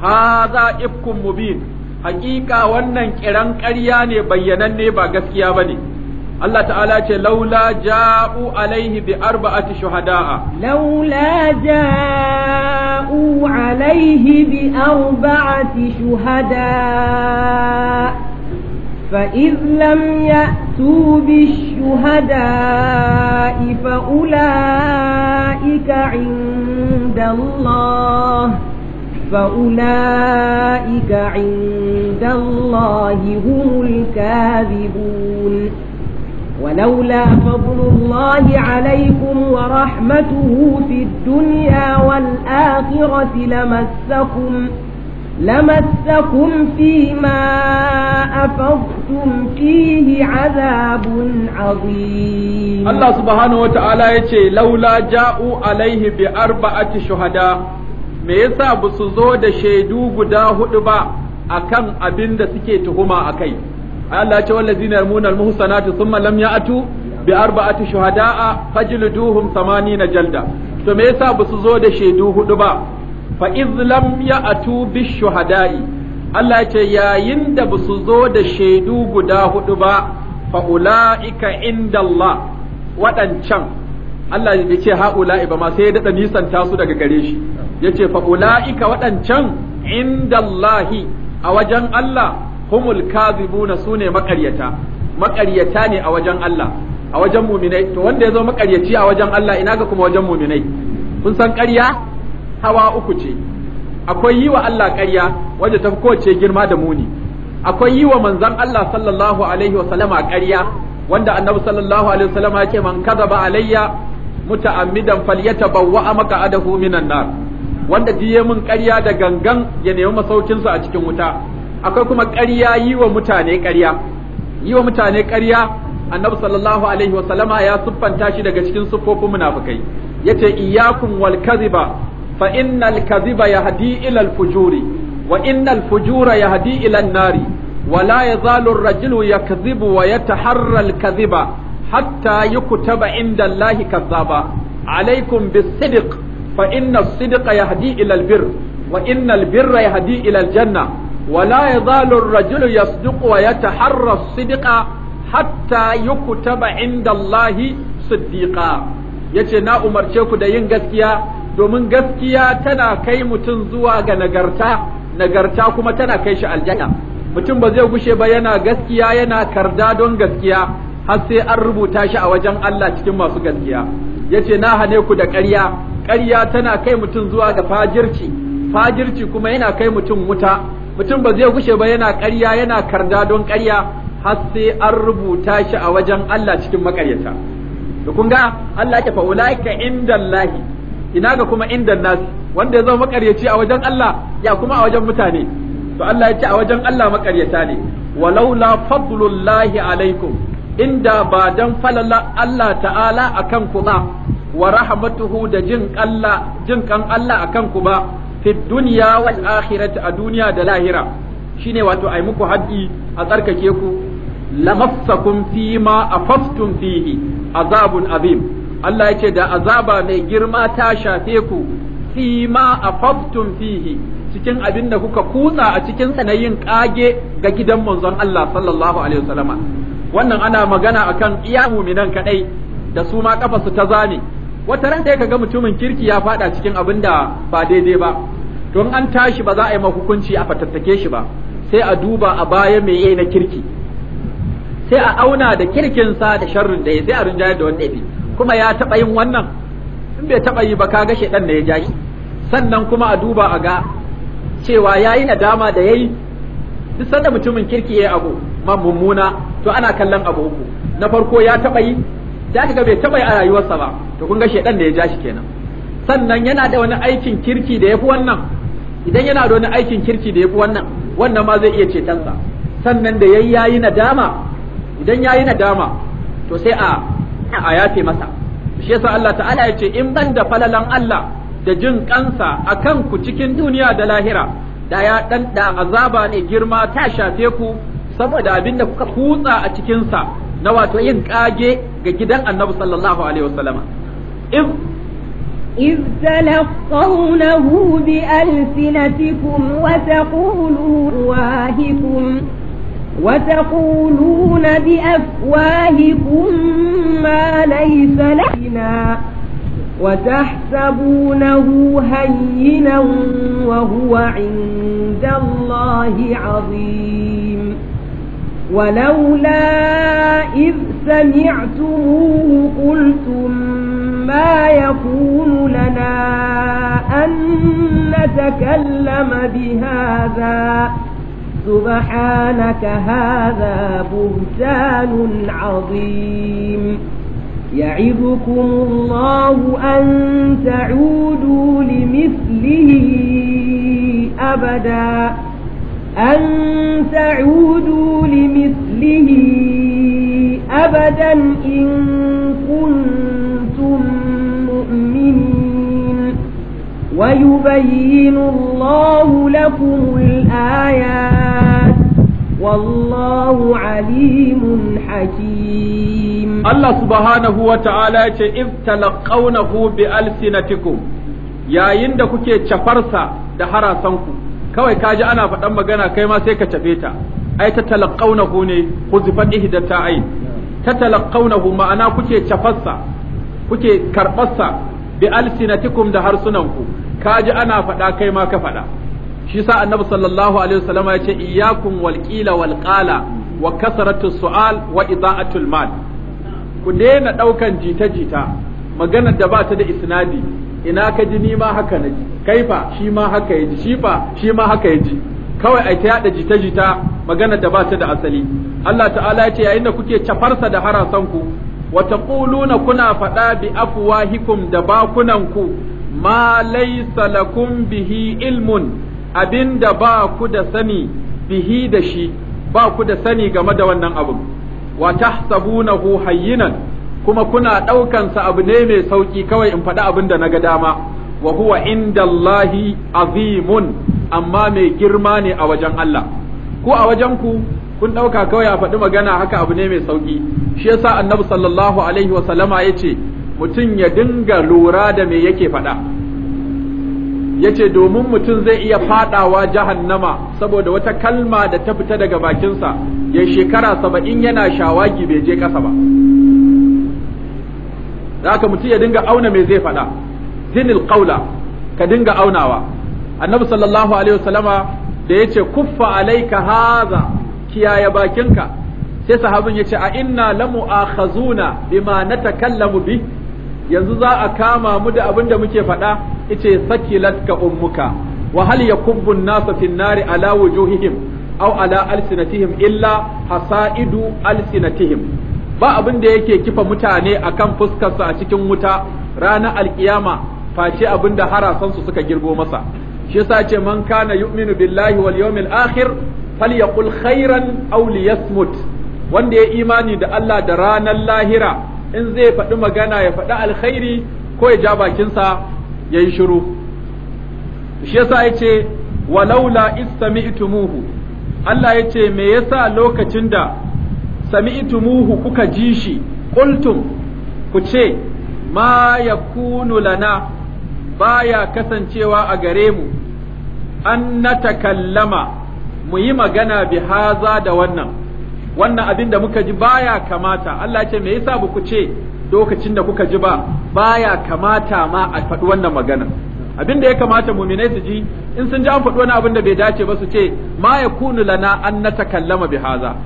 hadha ifkum mubin hakika wannan kiran ƙarya ne bayyananne ba gaskiya bane Allah ta'ala ce laula ja'u alaihi bi arba'ati shuhada'a laula ja'u alaihi bi arba'ati shuhada'a فإذ لم يأتوا بالشهداء فأولئك inda Allah. فأولئك عند الله هم الكاذبون ولولا فضل الله عليكم ورحمته في الدنيا والآخرة لمسكم لمسكم فيما أفضتم فيه عذاب عظيم الله سبحانه وتعالى يقول لولا جاءوا عليه بأربعة شهداء me yasa ba su zo da shaidu guda hudu ba akan abin da suke tuhuma kai. Allah ce wallazina yarmuna almuhsanatu thumma lam ya'tu bi arba'ati shuhada'a samani na jalda to me yasa ba su zo da shaidu hudu ba fa iz lam ya'tu bi shuhada'i Allah ce yayin da ba su zo da shaidu guda hudu ba fa ula'ika inda Allah waɗancan Allah ya ce ha'ula'i ba ma sai ya dada nisanta su daga gare shi yace fa ula'ika waɗancan indallahi a wajen Allah humul kadhibuna sune makaryata makaryata ne a wajen Allah a wajen muminai to wanda ya zo makaryaci a wajen Allah ina ga kuma wajen muminai kun san ƙarya hawa uku ce akwai yi wa Allah ƙarya wanda ta kowace girma da muni akwai yi wa manzon Allah sallallahu alaihi wa sallama ƙarya wanda annabi sallallahu alaihi wasallama yake man kadaba alayya muta'ammidan falyatabawwa maq'adahu minan nar wanda diye mun ƙarya da gangan ya nemi masaukin sa a cikin wuta akwai kuma ƙarya yi wa mutane ƙarya yi wa mutane ƙarya annabi sallallahu alaihi wa sallama ya siffanta shi daga cikin siffofin munafikai yace iyyakum wal kadhiba fa innal kadhiba yahdi ila al fujuri wa innal fujura yahdi ila an nari ولا يزال الرجل يكذب ويتحرى الكذبة hatta yukutaba inda Allahi kazzaba alaikum bis-sidq fa inna as-sidqa yahdi ila al-birr wa inna al ya yahdi ilal janna wa la yazalu ar-rajulu yasduqu wa ta as Sidiqa? hatta yukutaba inda Allahi siddiqa yace na umarce ku da yin gaskiya domin gaskiya tana kai mutum zuwa ga nagarta nagarta kuma tana kai shi aljanna mutum ba zai gushe ba yana gaskiya yana karda don gaskiya har sai an rubuta shi a wajen Allah cikin masu gaskiya yace na hane ku da ƙarya ƙarya tana kai mutum zuwa ga fajirci fajirci kuma yana kai mutum wuta mutum ba zai gushe ba yana ƙarya yana karda don ƙarya har sai an rubuta shi a wajen Allah cikin makaryata da kun ga Allah ke fa ulaika indallahi ina ga kuma indan nas wanda ya zama makaryaci a wajen Allah ya kuma a wajen mutane to Allah ya ce a wajen Allah makaryata ne walaula fadlullahi alaikum inda ba dan falala Allah ta'ala a ku ba wa rahmatuhu da jin Allah a kan akan ku ba fi duniya wal akhirat a duniya da lahira shine wato ai muku haddi a tsarkake ku lamassakum fi ma afaftum fihi azabun azim Allah yace da azaba mai girma ta shafe ku fi ma faftun fihi cikin abin da kuka kutsa a cikin sanayin kage ga gidan manzon Allah sallallahu alaihi wasallama wannan ana magana akan iya muminan kadai da su ma kafa su ta zame. wata ran ka ga mutumin kirki ya fada cikin abin da ba daidai ba to an tashi ba za a yi ma hukunci a fatattake shi ba sai a duba a baya me yayi na kirki sai a auna da kirkinsa da sharrin da ya sai a rinjaye da wanda ya kuma ya taɓa yin wannan in bai taba yi ba kaga shedan da ya ja sannan kuma a duba a ga cewa yayi nadama da yayi duk sanda mutumin kirki yayi abu mummuna to ana kallon abu uku na farko ya taba yi sai kaga bai taba yi a rayuwarsa ba to kun ga shedan da ya ja shi kenan sannan yana da wani aikin kirki da yafi wannan idan yana da wani aikin kirki da yafi wannan wannan ma zai iya cetonsa sannan da yayi yayi nadama idan yayi nadama to sai a a yafe masa shi yasa Allah ta'ala ya ce in ban da falalan Allah da jin kansa akan ku cikin duniya da lahira da ya dan da azaba ne girma ta shafe ku saboda abin da kuka kutsa a cikinsa na wato yin kage ga gidan annabi sallallahu alaihi wasallama if إذ تلقونه بألسنتكم وتقولون واهكم وتقولون بأفواهكم ما ليس لنا وتحسبونه هينا وهو عند الله عظيم ولولا إذ سمعتموه قلتم ما يكون لنا أن نتكلم بهذا سبحانك هذا بهتان عظيم يعظكم الله أن تعودوا لمثله أبداً أن تعودوا لمثله أبدا إن كنتم مؤمنين ويبين الله لكم الآيات والله عليم حكيم الله سبحانه وتعالى إذ تلقونه بألسنتكم يا يندكك شفرسا دهرا سنكم kawai ka ji ana faɗan magana kai ma sai ka tafe ta ai ta talaqawnahu ne huzifat ihdata ayn ta talaqawnahu ma'ana kuke cafassa kuke karɓarsa bi alsinatikum da harsunanku ka ji ana faɗa kai ma ka faɗa shi sa annabi sallallahu alaihi wasallam ya ce iyyakum wal qila wal qala wa kasratu su'al wa ida'atul mal ku daina ɗaukan jita-jita maganar da ba ta da isnadi ina ka ji ni ma haka na ji kai fa shi ma haka ya ji shi fa shi ma haka ya ji kawai a ta yada jita jita magana da ba ta da asali Allah ta'ala ya ce yayin da kuke cafarsa da harasan ku wa taquluna kuna faɗa bi afwahikum da bakunan ku ma laysa lakum bihi ilmun abinda ba ku da sani bihi da shi ba ku da sani game da wannan abun wa tahsabunahu hayyinan kuma kuna ɗaukansa sa abu ne mai sauƙi kawai in faɗi abin da na ga dama wa huwa inda azimun amma mai girma ne a wajen Allah ko a wajen ku kun ɗauka kawai a faɗi magana haka abu ne mai sauki shi yasa annabi sallallahu alaihi wa sallama yace mutum ya dinga lura da me yake faɗa yace domin mutum zai iya faɗawa jahannama saboda wata kalma da ta fita daga bakinsa ya shekara saba'in yana shawagi bai je ƙasa ba da haka mutum ya dinga auna me zai faɗa zinil qaula ka dinga aunawa annabi sallallahu alaihi wasallama da yace kuffa alaika haza kiyaye bakinka sai sahabin yace a inna lamu akhazuna bima natakallamu bi yanzu za a kama mu da abin da muke faɗa ice sakilat ka ummuka wa hal yakubbu an-nasa fi nari ala wujuhihim aw ala alsinatihim illa hasaidu alsinatihim ba abin da yake kifa mutane a kan fuskarsa a cikin wuta ranar alkiyama face abin da harasansu suka girgo masa shi yasa ce man kana yu'minu billahi wal yawmil akhir falyaqul khairan aw liyasmut wanda ya imani da Allah da ranar lahira in zai faɗi magana ya faɗi alkhairi ko ya ja bakinsa ya yi shiru shi yasa ya ce walaula istami'tumuhu Allah ya ce me yasa lokacin da sami'tumuhu kuka ji shi qultum ku ce ma yakunu lana baya kasancewa a gare mu an natakallama mu yi magana bi haza da wannan wannan abin da muka ji baya kamata Allah ce me yasa ku ce lokacin da kuka ji ba baya kamata ma a faɗi wannan magana abin da ya kamata muminai su ji in sun ji an faɗi wani abin da bai dace ba su ce ma yakunu lana an natakallama bi haza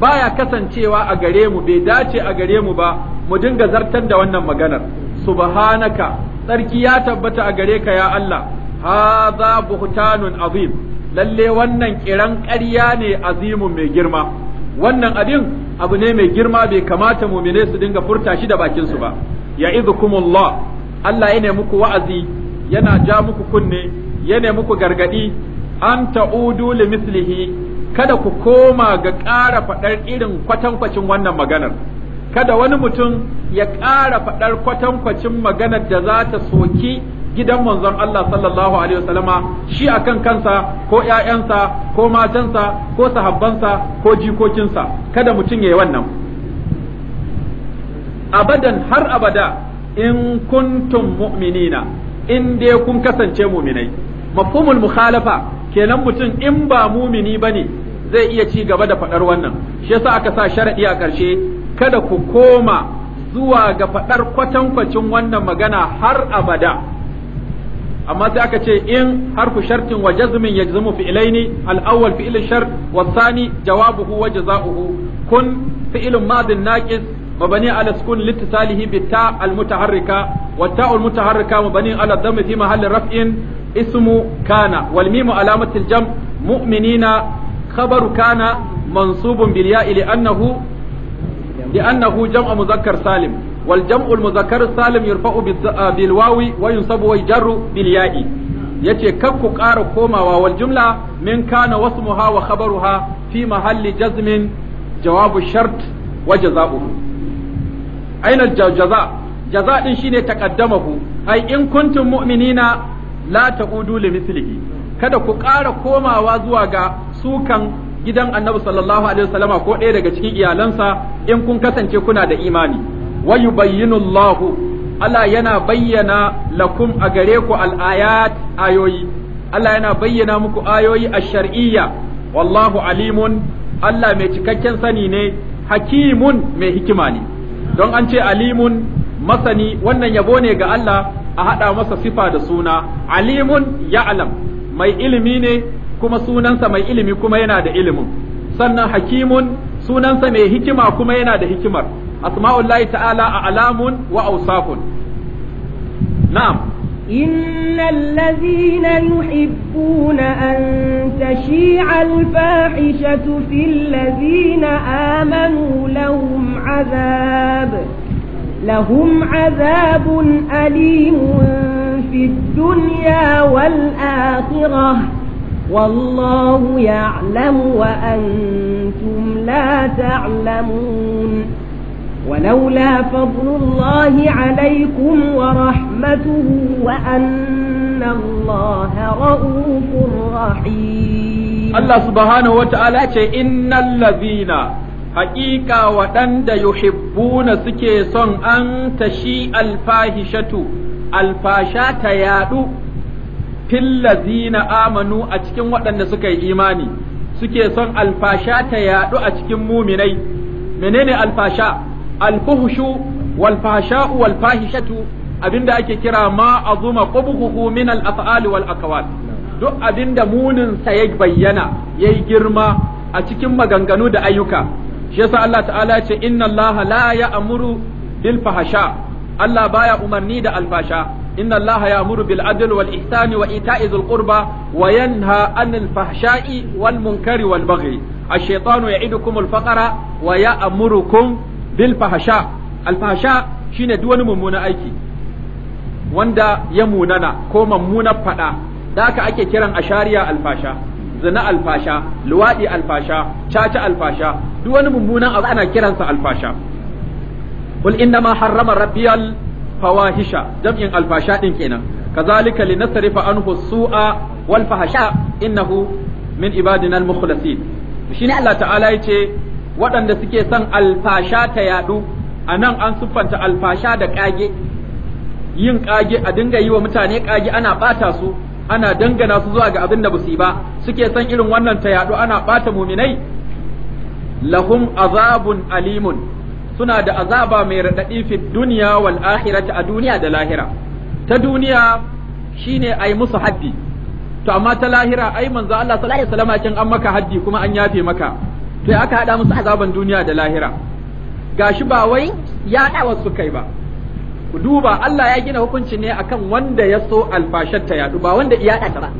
baya kasancewa a gare mu bai dace a gare mu ba mu dinga zartar da wannan maganar subhanaka tsarki ya tabbata a gare ka ya Allah hadha buhtanun azim lalle wannan kiran ƙarya ne azimun mai girma wannan abin abu ne mai girma bai kamata mumine su dinga furta shi da bakin su ba ya'idukumullah Allah ya ne muku wa'azi yana ja muku kunne ya ne muku gargadi an ta'udu li mislihi kada ku koma ga ƙara faɗar irin kwatankwacin wannan maganar kada wani mutum ya ƙara faɗar kwatankwacin maganar da za ta soki gidan manzon Allah sallallahu alaihi wasallama shi akan kansa ko ƴaƴansa ko matansa ko sahabbansa ko jikokinsa kada mutum ya yi wannan abadan har abada in kuntum mu'minina in dai kun kasance mu'minai mafhumul mukhalafa kenan mutum in ba mumini bane zai iya ci gaba da faɗar wannan shi yasa aka sa sharaɗi a ƙarshe kada ku koma zuwa ga faɗar kwatankwacin wannan magana har abada amma sai aka ce in harfu shartin wa jazmin yajzimu fi'ilaini al-awwal fi'il shart wa thani jawabuhu wa jazaohu kun fi'ilun madin naqis مبني على السكون al بالتاء المتحركة والتاء المتحركة مبني على الضم fi محل rafin. اسم كان والميم علامة الجمع مؤمنين خبر كان منصوب بالياء لأنه لأنه جمع مذكر سالم والجمع المذكر السالم يرفع بالواو وينصب ويجر بالياء yace kan ku ƙara komawa wal jumla min kana wasmuha wa khabaruha fi mahalli jazmin jawabu shart wa jaza'uhu aina jaza jaza din shine taqaddamahu ai in kuntum mu'minina la ta'udu li mislihi kada ku ƙara komawa zuwa ga sukan gidan annabi sallallahu alaihi wasallama ko ɗaya daga cikin iyalansa in kun kasance kuna da imani wa yubayyinu Allah yana bayyana lakum a gare ku al ayoyi Allah yana bayyana muku ayoyi a shariyya wallahu alimun Allah mai cikakken sani ne hakimun mai hikima ne don an ce alimun masani wannan yabo ne ga Allah a haɗa masa sifa da suna alimun ya'lam mai ilimi ne kuma sunansa mai ilimi kuma yana da ilimin sannan hakimun sunansa mai hikima kuma yana da hikimar asma'ullahi ta'ala a alamun wa ausafun na'am إن الذين يحبون أن تشيع الفاحشة في الذين آمنوا لهم عذاب لهم عذاب أليم في الدنيا والآخرة والله يعلم وأنتم لا تعلمون ولولا فضل الله عليكم ورحمته وأن الله رؤوف رحيم الله سبحانه وتعالى إن الذين haƙiƙa waɗanda yuhibbuna suke son an tashi alfahishatu alfasha ta yaɗu fillazina amanu a cikin waɗanda suka yi imani suke son alfasha ta yaɗu a cikin muminai menene alfasha alfuhushu walfasha'u walfahishatu abinda ake kira ma azuma qubhuhu min al-af'ali wal aqwal duk abinda munin sa ya bayyana yayi girma a cikin maganganu da ayyuka shi yasa Allah ta'ala ce inna Allah la ya'muru bil fahsha Allah baya umarni da alfasha inna Allah ya'muru bil adl wal ihsani wa ita'i dhil qurba wa yanha 'anil fahsha'i wal munkari wal baghi ash-shaytanu ya'idukum al faqra wa ya'murukum bil fahsha al fahsha shine duk wani aiki wanda ya munana ko mummunan fada da haka ake kiran ashariya alfasha zina alfasha luwaɗi alfasha caca alfasha duk wani mummunan abu ana kiransa alfasha qul innama harrama rabbiyal fawahisha jam'in alfasha din kenan kazalika linasrifa anhu su'a wal fahsha innahu min ibadina al mukhlasin shine Allah ta'ala yace waɗanda suke son alfasha ta yadu anan an siffanta alfasha da kage yin kage a dinga yi wa mutane kage ana bata su ana dangana su zuwa ga abin da basu yi ba suke son irin wannan ta yadu ana bata muminai lahum azabun alimun suna da azaba mai raɗaɗi fi duniya wal akhirati a duniya da lahira ta duniya shine ai musu haddi to amma ta lahira ai manzo Allah sallallahu alaihi wasallam kin an maka haddi kuma an yafe maka to aka hada musu azaban duniya da lahira gashi ba wai ya dawa su kai ba ku duba Allah ya gina hukunci ne akan wanda ya so alfashar ta yadu ba wanda iya ta ba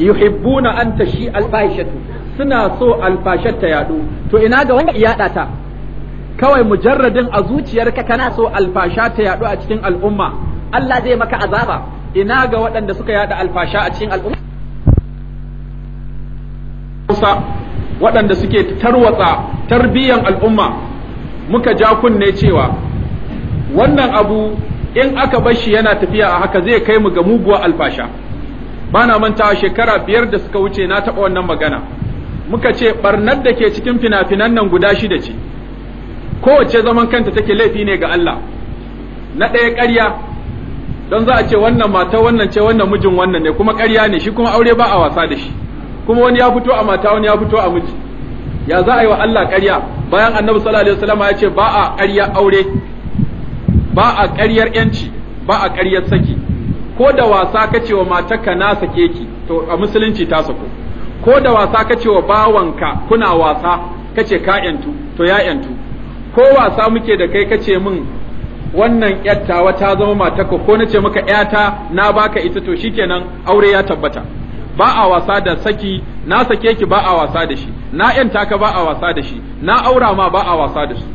yuhibbuna an tashi alfashatu suna so alfashar ta yaɗu to ina ga wanda yaɗa ta kawai mujarradin a zuciyarka kana so alfasha ta yaɗu a cikin al'umma Allah zai maka azaba ina ga waɗanda suka yaɗa alfasha a cikin al'umma musa, waɗanda suke tarwatsa tarbiyyan al'umma muka ja kunne cewa wannan abu in aka bar shi yana tafiya a haka zai kai mu ga muguwa alfasha bana mantawa shekara biyar da suka wuce na taɓa wannan magana muka ce barnar da ke cikin fina-finan nan guda shida ce kowace zaman kanta take laifi ne ga Allah na ɗaya ƙarya don za a ce wannan mata wannan ce wannan mijin wannan ne kuma ƙarya ne shi kuma aure ba a wasa da shi kuma wani ya fito a mata wani ya fito a miji ya za a yi wa Allah ƙarya bayan annabi sallallahu alaihi wasallam ya ce ba a ƙarya aure ba a ƙaryar ƴanci, ba a ƙaryar saki ko da wasa ce wa matarka na sake ki to a musulunci ta sako ko da wasa kace wa bawanka kuna wasa kace ka yantu to ya yantu ko wasa muke da kai kace min wannan 'yatta wata zama mataka ko nace maka yata na baka ita to shikenan aure ya tabbata ba a wasa da saki na sake ki ba a wasa da shi na yanta ka ba a wasa da shi na aura ma ba a wasa da su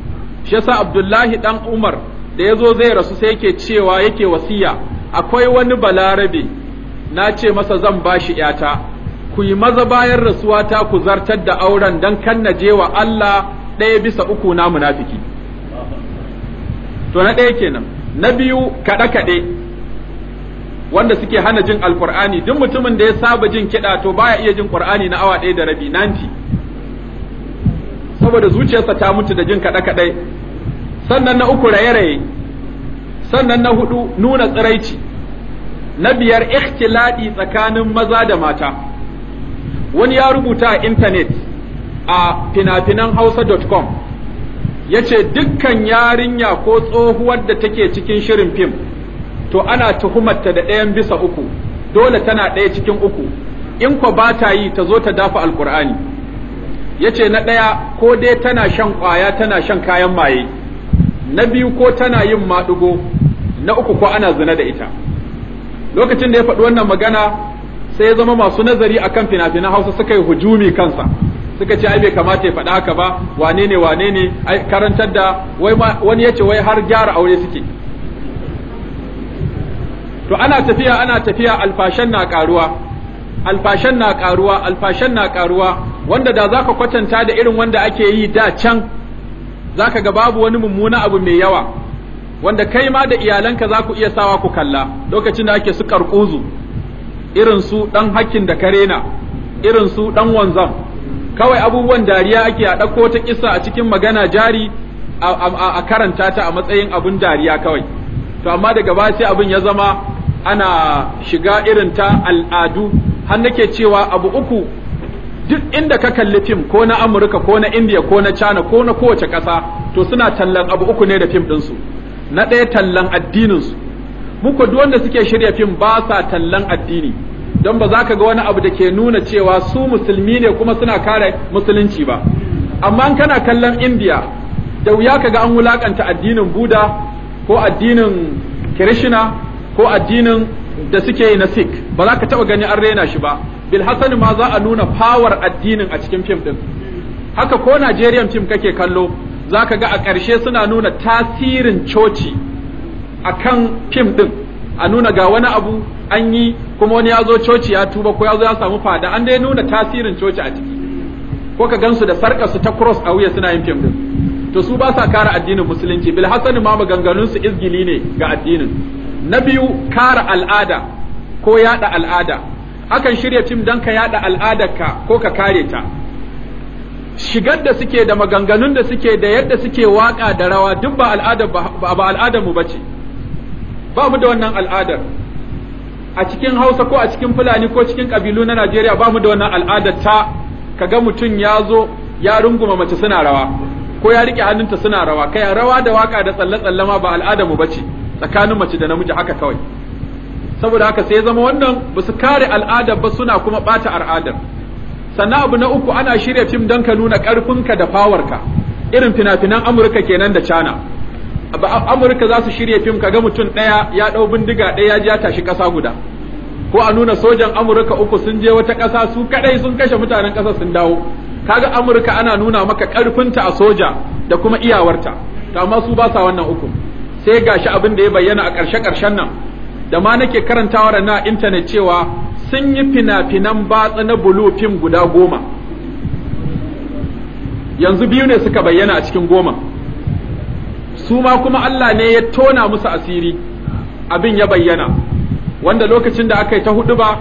shi yasa Abdullahi dan Umar da yazo zai rasu sai yake cewa yake wasiya akwai wani balarabe na ce masa zan bashi yata ku yi maza bayan rasuwa ta ku zartar da auren don kan na je wa Allah ɗaya bisa uku na munafiki to na ɗaya kenan na biyu kaɗe kaɗe wanda suke hana jin alkur'ani duk mutumin da ya saba jin kiɗa to baya iya jin qur'ani na awa ɗaya da rabi nanti saboda zuciyarsa ta mutu da jin kaɗe kaɗe sannan na uku raye raye sannan na hudu nuna tsiraici na biyar ikhtiladi tsakanin maza da mata wani ya rubuta a intanet a finafinan hausa.com ya ce dukkan yarinya ko tsohuwar da take cikin shirin fim to ana tuhumarta da ɗayan bisa uku dole tana ɗaya cikin uku in ko ba ta yi ta zo ta dafa alkur'ani ya ce na ɗaya ko dai tana shan ƙwaya tana shan kayan maye na biyu ko tana yin maɗugo na uku ko ana zina da ita lokacin da ya faɗi wannan magana sai ya zama masu nazari a kan fina-finan hausa suka yi hujumi kansa suka ce ai bai kamata ya faɗa haka ba wane ne wane ne karantar da wai wani yace wai har gyara aure suke to ana tafiya ana tafiya alfashen na karuwa alfashan na karuwa alfashan na karuwa wanda da zaka kwatanta da irin wanda ake yi da can zaka ga babu wani mummuna abu mai yawa wanda kai ma da iyalanka za ku iya sawa ku kalla lokacin da ake su karkuzu irin su ɗan hakkin da karena irin su ɗan wanzan kawai abubuwan dariya ake a ɗauko ta kisa a cikin magana jari a karanta ta a matsayin abun dariya kawai to amma daga baya sai abin ya zama ana shiga irin ta al'adu har nake cewa abu uku duk inda ka kalli fim ko na Amurka ko na India ko na China ko na kowace ƙasa to suna tallan abu uku ne da fim ɗinsu na ɗaya tallan addininsu muku duk wanda suke shirya fim ba sa tallan addini don ba za ka ga wani abu da ke nuna cewa su musulmi ne kuma suna kare musulunci ba amma kana kallon indiya da wuya ka ga an wulakanta addinin buda ko addinin kirishina ko addinin da suke yi na sikh ba za ka taɓa gani an rena shi ba bilhassan ma za a nuna fawar addinin a cikin fim ɗin haka ko nigerian fim kake kallo za ka ga a ƙarshe suna nuna tasirin coci akan fim ɗin a nuna ga wani abu an yi kuma wani ya zo coci ya tuba ko ya zo ya samu fada an dai nuna tasirin coci a ciki ko ka gansu da sarƙa su ta cross a wuya suna yin fim din to su ba sa kare addinin musulunci bil hasani ma maganganun su izgili ne ga addinin na biyu kare al'ada ko yada al'ada akan shirya fim dan ka yada ka ko ka kare ta shigar da suke da maganganun da suke da yadda suke waka da rawa duk ba al'adar ba al'adar mu bace ba mu da wannan al'adar a cikin hausa ko a cikin fulani ko cikin ƙabilu na najeriya ba mu da wannan al'adar ta ka ga mutum ya zo ya runguma mace suna rawa ko ya riƙe hannunta suna rawa kai rawa da waka da tsalle-tsalle ma ba al'adar mu bace tsakanin mace da namiji haka kawai saboda haka sai ya zama wannan ba su kare al'adar ba suna kuma ɓata al'adar sannan abu na uku ana shirya fim don ka nuna ƙarfinka da fawarka irin fina-finan amurka kenan da cana Amurka za su shirya fim kaga mutum ɗaya ya ɗau bindiga ɗaya ya ji ya tashi ƙasa guda. Ko a nuna sojan Amurka uku sun je wata ƙasa su kaɗai sun kashe mutanen ƙasa sun dawo. Kaga Amurka ana nuna maka ƙarfinta a soja da kuma iyawarta. To amma su ba sa wannan uku. Sai ga shi abin da ya bayyana a ƙarshe-ƙarshen nan. Da ma nake karantawa na intanet cewa sun yi fina-finan batsa na bulo fim guda goma. Yanzu biyu ne suka bayyana a cikin goma. su ma kuma Allah ne ya tona musu asiri abin ya bayyana wanda lokacin da aka yi ta hudu ba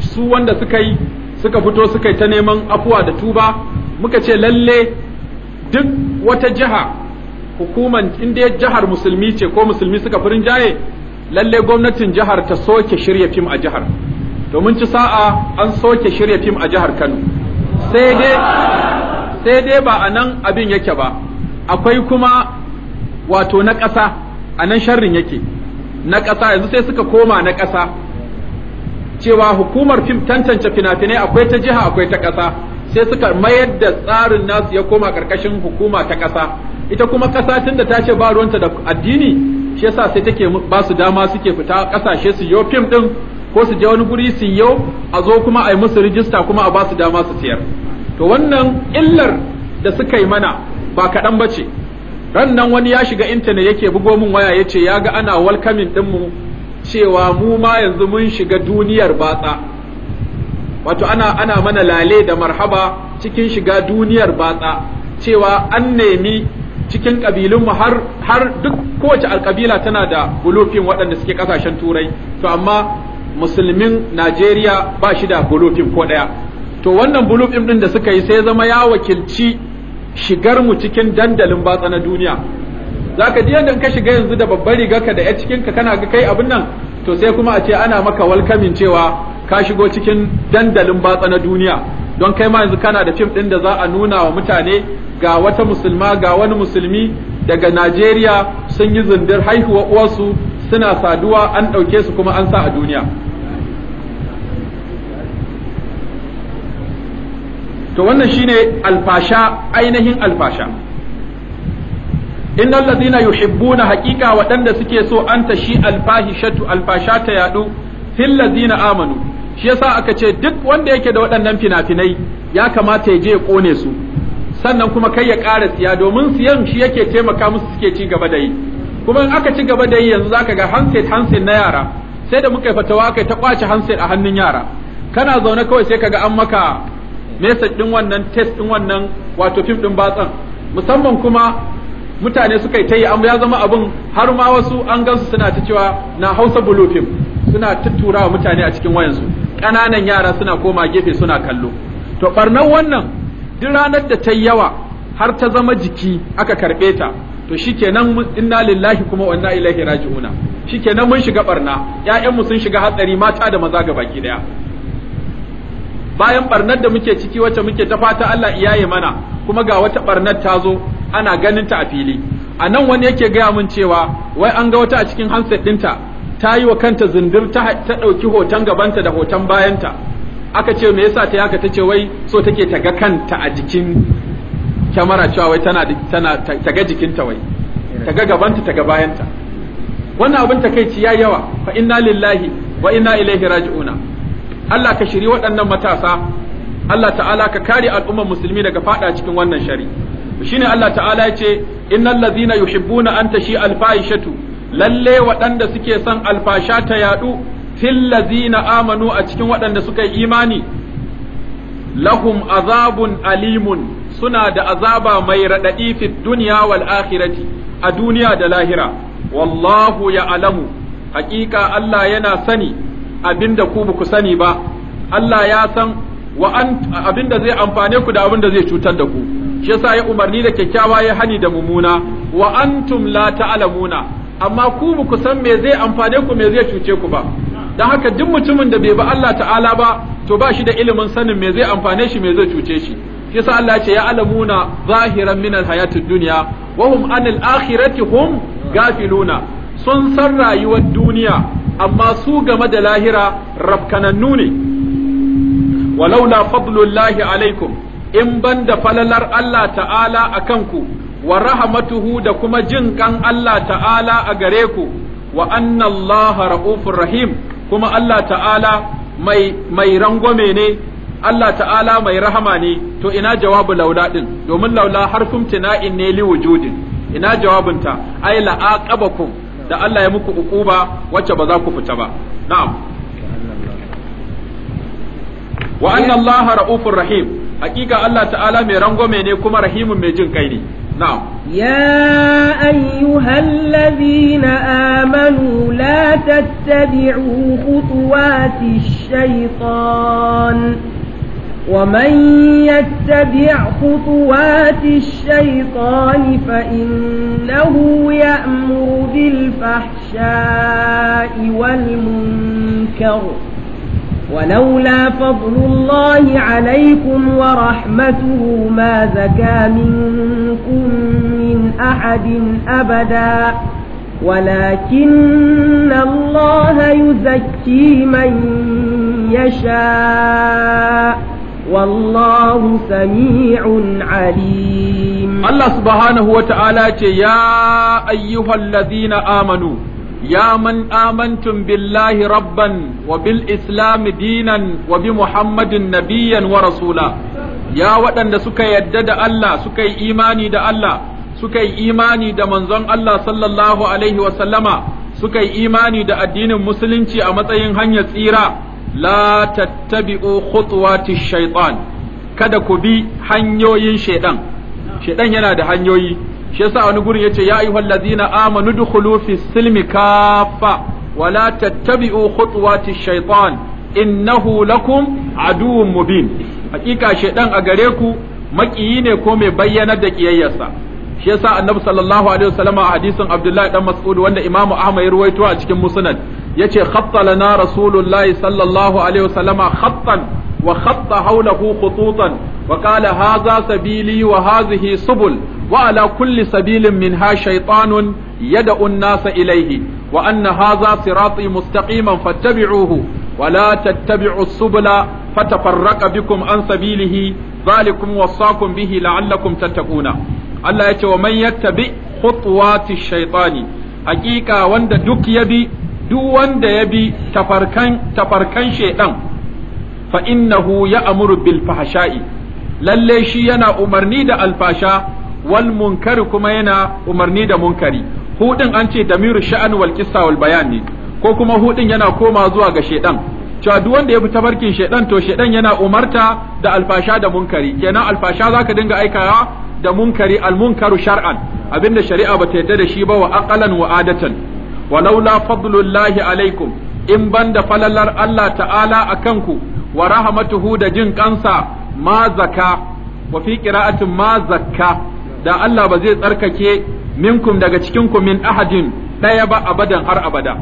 su wanda suka yi suka fito suka yi ta neman afuwa da tuba muka ce lalle duk wata jiha hukuman inda jihar musulmi ce ko musulmi suka furin jaye lalle gwamnatin jihar ta soke shirya fim a jihar domin ci sa'a an soke shirya fim a jihar Kano sai dai sai dai ba a nan abin yake ba akwai kuma wato na ƙasa a nan sharrin yake na ƙasa yanzu sai suka koma na ƙasa cewa hukumar fim tantance fina-finai akwai ta jiha akwai ta ƙasa sai suka mayar da tsarin nasu ya koma ƙarƙashin hukuma ta ƙasa ita kuma ƙasa tunda ta ce ba ruwanta da addini shi yasa sai take ba su dama suke fita ƙasashe su yo fim ɗin ko su je wani guri su yo a zo kuma a yi musu rijista kuma a ba su dama su siyar to wannan illar da suka yi mana ba kaɗan ba ce ran wani ya shiga intanet yake bugo min waya yace ya ga ana welcoming din mu cewa mu ma yanzu mun shiga duniyar batsa wato ana ana mana lale da marhaba cikin shiga duniyar batsa cewa an nemi cikin ƙabilunmu har har duk kowace alƙabila tana da bulofin waɗanda suke ƙasashen turai to amma musulmin Najeriya ba shi da bulofin ko ɗaya to wannan bulofin ɗin da suka yi sai zama ya wakilci shigar mu cikin dandalin batsa na duniya zaka ji yadda ka shiga yanzu da babbar ka da ya cikin ka kana ga kai abin nan to sai kuma a ce ana maka walkamin cewa ka shigo cikin dandalin batsa na duniya don kai ma yanzu kana da fim din da za a nuna wa mutane ga wata musulma ga wani musulmi daga Najeriya sun yi zindir haihuwa uwarsu suna saduwa an ɗauke su kuma an sa a duniya to wannan shine alfasha ainihin alfasha innal ladina yuhibbuna haqiqa waɗanda suke so an ta tashi alfahishatu alfasha ta yadu fil ladina amanu shi yasa aka ce duk wanda yake da waɗannan fina-finai ya kamata ya je ya kone su sannan kuma kai ya ƙara siya domin siyan shi yake taimaka musu suke ci gaba da yi kuma in aka ci gaba da yi yanzu zaka ga handset handset na yara sai da muka yi fatawa kai ta kwace handset a hannun yara kana zaune kawai sai kaga an maka message din wannan test ɗin wannan wato fim ɗin batsan musamman kuma mutane suka ta yi ya zama abin har ma wasu an gansu suna ta cewa na hausa blue film suna wa mutane a cikin wayansu ƙananan yara suna koma gefe suna kallo to barnan wannan duk ranar da ta yi yawa har ta zama jiki aka karɓe ta to shikenan inna lillahi kuma wa inna ilaihi raji'una shikenan mun shiga barna ƴaƴanmu sun shiga hatsari mata da maza baki daya bayan barnar da muke ciki wacce muke ta fata Allah iyaye mana kuma ga wata barnar ta zo ana ganin ta a fili a nan wani yake gaya mun cewa wai an ga wata a cikin handset ɗinta ta yi wa kanta zindir ta ɗauki hoton gabanta da hoton bayanta aka ce me yasa ta yaka ta ce wai so take ta ga kanta a jikin kyamara cewa wai tana tana ta ga jikinta wai ta ga gabanta ta ga bayanta wannan abin takeici ya yawa fa inna lillahi wa inna ilaihi raji'una Allah ka shiri waɗannan matasa Allah ta'ala ka kare al'ummar musulmi daga faɗa cikin wannan shari shine Allah ta'ala ya ce innal ladhina yuhibbuna an tashi alfahishatu lalle waɗanda suke son alfasha ta yadu fil ladhina amanu a cikin waɗanda suka yi imani lahum azabun alimun suna da azaba mai raɗaɗi fi duniya wal akhirati a duniya da lahira wallahu ya'lamu haƙiƙa Allah yana sani abinda ku ku sani ba Allah ya san wa an abinda zai amfane ku da abinda zai cutar da ku shi yasa ya umarni da kyakkyawa ya hani da mumuna wa antum la ta'lamuna amma ku ba ku san me zai amfane ku me zai cuce ku ba dan haka duk mutumin da bai ba Allah ta'ala ba to ba shi da ilimin sanin me zai amfane shi me zai cuce shi shi yasa Allah ce ya alamuna zahiran min alhayatid dunya wa hum anil akhirati hum gafiluna sun san rayuwar duniya amma su game da lahira rafkanannu ne walaula fadlullahi alaikum in ban da falalar Allah ta'ala a kanku wa rahamatuhu da kuma jin kan Allah ta'ala a gare ku wa anna ra'ufur rahim kuma Allah ta'ala mai mai rangwame ne Allah ta'ala mai rahama ne to ina jawabu laula din domin laula harfin tina'in ne li wujudin ina jawabinta ai la'aqabakum da Allah ya muku ukuba wacce ba za ku fita ba na'am wa anna Allah ra'ufur rahim hakika Allah ta'ala mai rangwame ne kuma rahimun mai jin kai ne نعم يا أيها Amanu la لا تتبعوا خطوات ومن يتبع خطوات الشيطان فإنه يأمر بالفحشاء والمنكر ولولا فضل الله عليكم ورحمته ما زكى منكم من أحد أبدا ولكن الله يزكي من يشاء والله سميع عليم الله سبحانه وتعالى يا أيها الذين آمنوا يا من آمنتم بالله ربا وبالإسلام دينا وبمحمد نبيا ورسولا يا ودن سكا يدد الله سكا إيماني دا الله سكا إيماني دا منزون الله صلى الله عليه وسلم سكا إيماني دا الدين المسلم أمتين هنيا سيرا la tattabi'u khutuwati shaitan kada ku bi hanyoyin shaitan shaitan yana da hanyoyi shi yasa wani gurin yace ya ayyuhal ladzina amanu dukhulu fi silmi kafa wa la tattabi'u khutuwati shaitan innahu lakum aduwwun mubin hakika shaitan a gare ku makiyi ne ko mai bayyanar da kiyayyarsa shi yasa annabi sallallahu alaihi wasallama a hadisin abdullahi dan mas'ud wanda imamu ahmad ya ruwaito a cikin musnad yace khatta lana rasulullahi sallallahu alaihi wasallama khattan wa khatta hawlahu khututan wa qala hadha sabili wa hadhihi subul wa ala kulli sabilin minha shaytanun yad'u an-nasa ilayhi wa anna hadha sirati mustaqiman fattabi'uhu wa la tattabi'u subula fatafarraqa bikum an sabilihi dhalikum wasaqakum bihi la'allakum tattaquna Allah yace wa man yattabi' khutuwati shaytani hakika wanda duk ya bi duk wanda ya bi tafarkan tafarkan shedan fa innahu ya'muru bil fahsha'i lalle shi yana umarni da alfasha wal munkari kuma yana umarni da munkari hudin an ce damiru sha'an wal qissa wal bayan ne ko kuma hudin yana koma zuwa ga shedan cewa duk wanda ya bi tafarkin shedan to shedan yana umarta da alfasha da munkari kenan alfasha zaka dinga aikawa da munkari al munkaru shar'an abinda shari'a bata yarda da shi ba wa aqalan wa adatan walaula fadlullahi alaikum in banda falalar Allah ta'ala a kanku wa rahmatuhu da jin ƙansa ma zaka wa fi qira'atin ma zakka da Allah ba zai tsarkake minkum daga cikinku min ahadin daya ba abadan har abada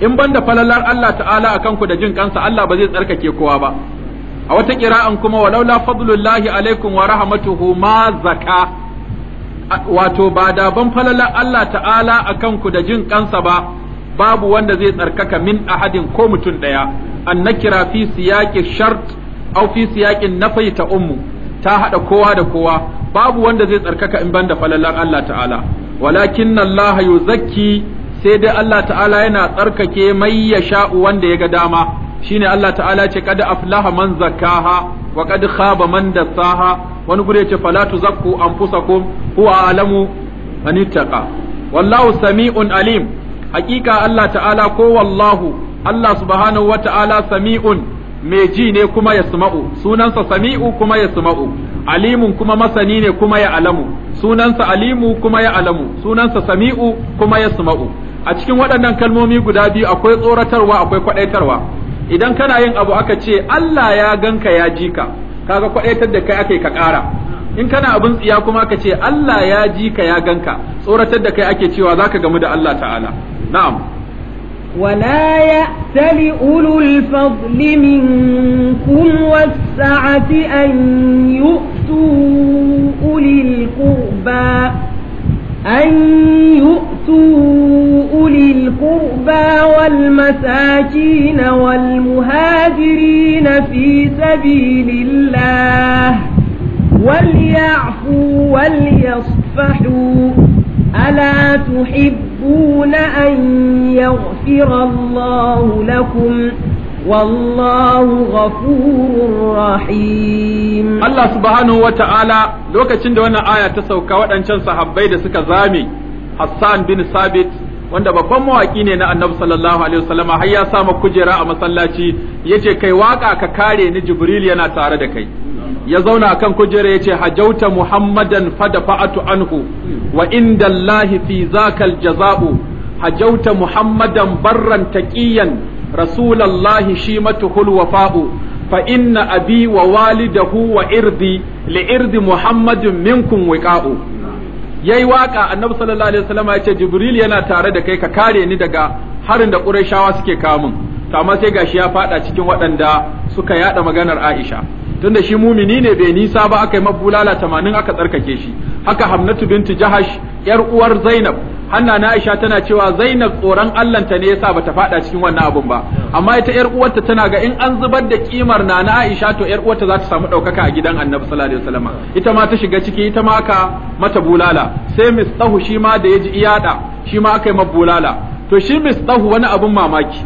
in banda falalar Allah ta'ala a kanku da jin kansa Allah ba zai tsarkake kowa ba a wata kira'an kuma walaula fadlullahi alaikum wa rahmatuhu ma zaka wato ba da ban falalar Allah ta'ala a kanku da jin kansa ba babu wanda zai tsarkaka min ahadin ko mutum ɗaya an kira fi siyaqi shart au fi siyaqin nafai ta ummu ta hada kowa da kowa babu wanda zai tsarkaka in banda falalar Allah ta'ala walakin Allah yuzakki sai dai Allah ta'ala yana tsarkake mai ya sha'u wanda ya ga dama shine Allah ta'ala ce kada aflaha man zakaha. wa qad khaba man dassaha wani gure yace fala tuzakku anfusakum huwa alamu man wallahu sami'un alim hakika Allah ta'ala ko wallahu Allah subhanahu wa ta'ala sami'un mai ji ne kuma ya suma'u sunansa sami'u kuma ya suma'u alimun kuma masani ne kuma ya alamu sunansa alimu kuma ya alamu sunansa sami'u kuma ya suma'u a cikin waɗannan kalmomi guda biyu akwai tsoratarwa akwai kwaɗaitarwa idan kana yin abu aka ce Allah ya ganka ya ji ka kaga kwadaitar da kai ake ka ƙara in kana abin tsiya kuma ka ce Allah ya ji ka ya ganka tsoratar da kai ake cewa zaka gamu da Allah ta'ala na'am ولا يأتل أولو الفضل منكم والسعة أن يؤتوا أولي القربى أن يؤتوا أولي القربى والمساكين والمهاجرين في سبيل الله وليعفوا وليصفحوا ألا تحبون أن يغفر الله لكم ؟ والله غفور رحيم الله سبحانه وتعالى lokacin da wannan aya ta sauka waɗancan sahabbai da suka zame Hassan bin Sabit wanda babban mawaki ne na Annabi sallallahu alaihi wasallam har ya samu kujera a masallaci yace kai waka ka kare ni Jibril yana tare da kai ya zauna kan kujera yace hajauta Muhammadan fadafa'atu anhu wa Allah fi zakal jaza'u hajauta Muhammadan barran taqiyan rasulallahi shi شيمة wafa'u fa فإن أبي wa walidahu wa محمد منكم وقاء yayi waka annabi sallallahu alaihi wasallam ya ce jibril yana tare da kai ka kare ni daga harin da qurayshawa suke kamun to amma sai gashi ya fada cikin waɗanda suka yada maganar aisha tunda shi mumini ne bai nisa ba aka yi mabulala tamanin aka tsarkake shi haka hamnatu bintu jahash yar uwar zainab hanna na Aisha tana cewa Zainab tsoron ta ne yasa bata fada cikin wannan abun ba amma ita yar uwarta tana ga in an zubar da kimar na na Aisha to yar uwarta za ta samu daukaka a gidan Annabi sallallahu alaihi wasallam ita ma ta shiga ciki ita ma aka mata bulala sai Mistahu shi ma da yaji iyada shi ma aka yi bulala to shi Mistahu wani abun mamaki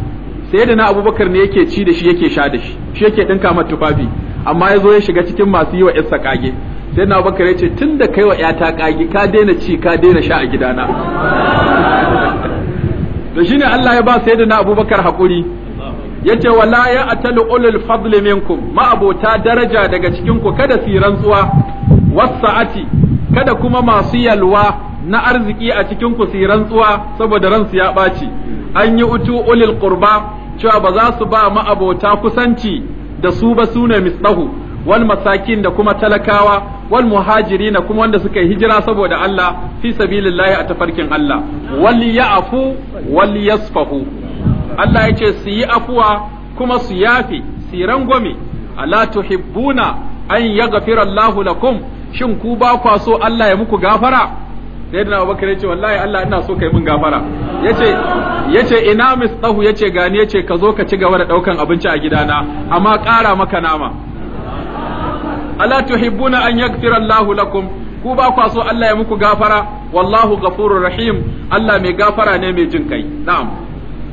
sai da na Abubakar ne yake ci da shi yake sha da shi shi yake dinka mata tufafi amma ya zo ya shiga cikin masu yi wa yarsa kage sai na baka ya ce tun da kai wa ‘yata ƙage ka daina ci ka daina sha a gidana da shine Allah ya ba sai da na abubakar haƙuri ya ce wala ya atalu ulul fadli minkum ma'abota daraja daga cikinku kada su yi rantsuwa wasa'ati kada kuma masu yalwa na arziki a cikinku su yi rantsuwa saboda ransu ya ɓaci an yi utu ulil qurba cewa ba za su ba ma'abota kusanci da su ba su ne misdahu wal masakin da kuma talakawa wal muhajirina kuma wanda suka yi hijira saboda Allah fi sabilillahi a tafarkin Allah wal ya'fu wal yasfahu Allah ya ce su yi afuwa kuma su yafi su rangwame ala tuhibbuna an yaghfira Allahu lakum shin ku ba kwa so Allah ya muku gafara sai da Abubakar yace wallahi Allah ina so kai mun gafara yace yace ina mistahu yace gani yace ka zo ka ci gaba da daukan abinci a gidana amma ƙara maka nama ala tuhibbuna an yaghfira Allahu lakum ku ba kwa so Allah ya muku gafara wallahu ghafurur rahim Allah mai gafara ne mai jin kai na'am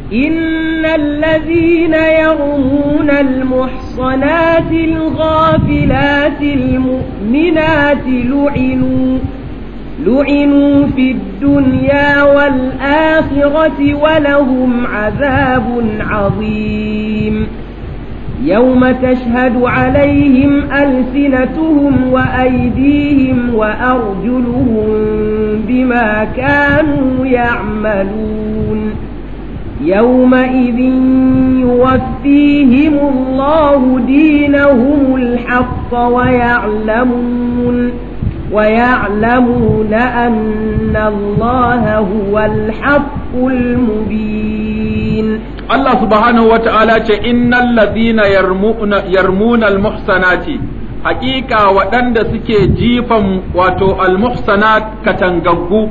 إن الذين يرمون المحصنات الغافلات المؤمنات لعنوا لعنوا في الدنيا والآخرة ولهم عذاب عظيم يوم تشهد عليهم ألسنتهم وأيديهم وأرجلهم بما كانوا يعملون يومئذ يوفيهم الله دينهم الحق ويعلمون ويعلمون أن الله هو الحق المبين Allah subhanahu wa ta'ala ce innan lazina yarmuna yarmuna ce.' haƙiƙa waɗanda suke jifan wato almuhsanat katangaggu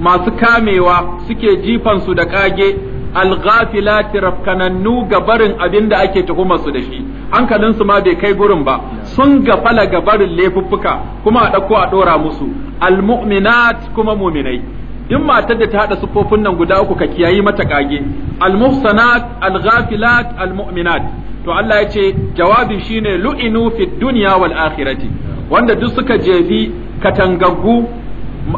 masu kamewa suke jifan su da kage alghafilati rafkanannu ga barin abin da ake tuhumar su da shi hankalinsu ma bai kai gurin ba sun gafala ga barin laifuffuka kuma a ɗauko a ɗora musu al-muminat, kuma muminai duk matar da ta haɗa siffofin nan guda uku ka kiyayi mata kage al-muhsanat al-ghafilat al-mu'minat to Allah ya ce jawabin shine lu'inu fi dunya wal akhirati wanda duk suka jefi katangaggu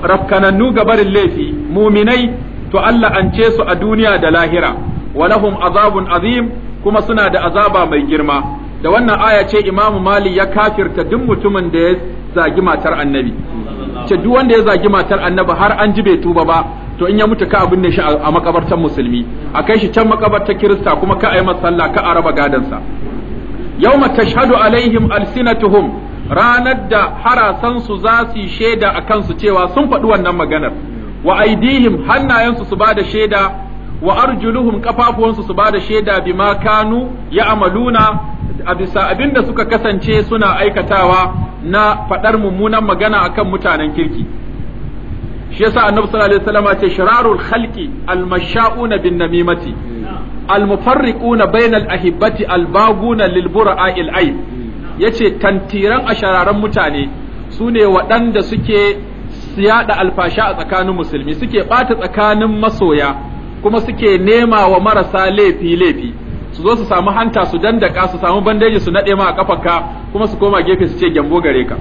rafkanannu barin laifi muminai to Allah an ce su a duniya da lahira walahum azabun azim kuma suna da azaba mai girma da wannan aya ce imamu mali ya kafirta duk mutumin da ya zagi matar annabi ce duk wanda ya zagi matar annabi har an ji bai tuba ba to in ya mutu ka abin ne shi a makabartar musulmi a kai shi can makabartar kirista kuma ka ayi masa sallah ka araba gadansa yawma tashhadu alaihim alsinatuhum ranar da harasansu za su yi shaida a kansu cewa sun faɗi wannan maganar wa aidihim hannayensu su ba da shaida wa arjuluhum kafafuwansu su bada da shaida bima kanu ya a bisa abin da suka kasance suna aikatawa na faɗar mummunan magana akan mutanen kirki shi yasa annabi sallallahu alaihi wasallam ce shirarul khalqi almashauna bin namimati almufarriquna bainal ahibbati albaguna lilbura'a il'aib yace tantiran ashararan mutane sune waɗanda suke siyada alfasha a tsakanin musulmi suke ɓata tsakanin masoya kuma suke nema wa marasa laifi laifi su zo su samu hanta su dandaka su samu bandeji su nade ma a kafarka kuma su koma gefe su ce gyambo gare ka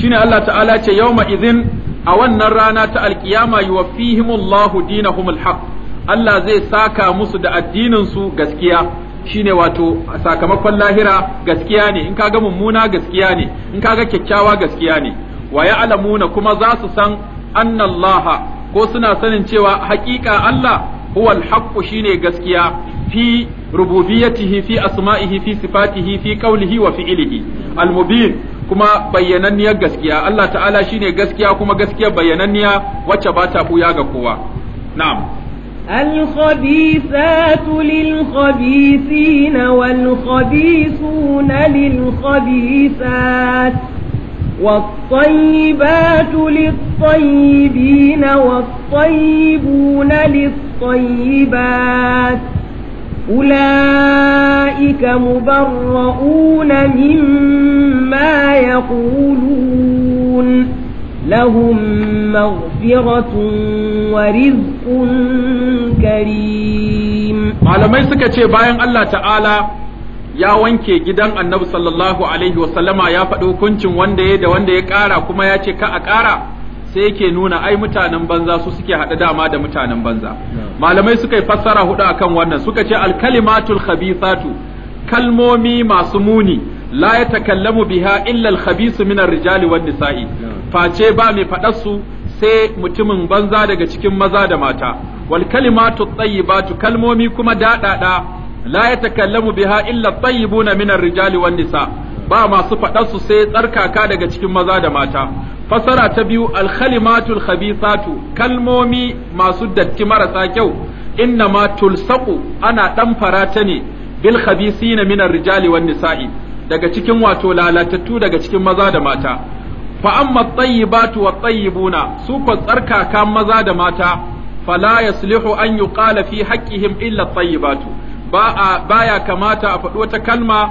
shine Allah ta'ala ce yawma idhin a wannan rana ta alkiyama yuwaffihimullahu dinahumul haqq Allah zai saka musu da addinin su gaskiya shine wato sakamakon lahira gaskiya ne in kaga mummuna gaskiya ne in kaga kyakkyawa gaskiya ne wa ya'lamuna kuma za su san annallaha ko suna sanin cewa hakika Allah huwa al-haqqu shine gaskiya fi rububiyyatihi fi asma'ihi fi sifatihi fi qawlihi wa fi'lihi al-mubin kuma bayyananniyar gaskiya Allah ta'ala shine gaskiya kuma gaskiya bayyananniya wacce ba ta fuya ga kowa na'am الخبيثات للخبيثين والخبيثون للخبيثات والطيبات للطيبين والطيبون للطيبات أولئك مبرؤون مما يقولون لهم مغفرة ورزق كريم على ما يسكت باين الله تعالى ya wanke gidan annabi sallallahu alaihi wasallama ya faɗi hukuncin wanda ya da wanda ya ƙara kuma ya ce ka a ƙara sai yake nuna ai mutanen banza su suke haɗa dama da mutanen banza malamai suka yi fassara hudu akan wannan suka ce alkalimatul khabithatu kalmomi masu muni la ya takallamu biha illa alkhabisu min ar-rijali wan nisa'i face ba mai faɗar su sai mutumin banza daga cikin maza da mata wal kalimatu tayyibatu kalmomi kuma daɗaɗa la mu biha illa tayyibuna min minan rijali wan ba masu faɗar su sai tsarkaka daga cikin maza da mata fasara ta biyu al-khalimatul khabithatu kalmomi masu datti marasa kyau inna ma tulsaqu ana ɗan farata ne bil khabisina minan rijali wannisa'i daga cikin wato lalatattu daga cikin maza da mata fa amma at-tayyibatu wat-tayyibuna su ko tsarkaka maza da mata fala yaslihu an yuqala fi haqqihim illa at-tayyibatu ba a baya kamata a faɗi wata kalma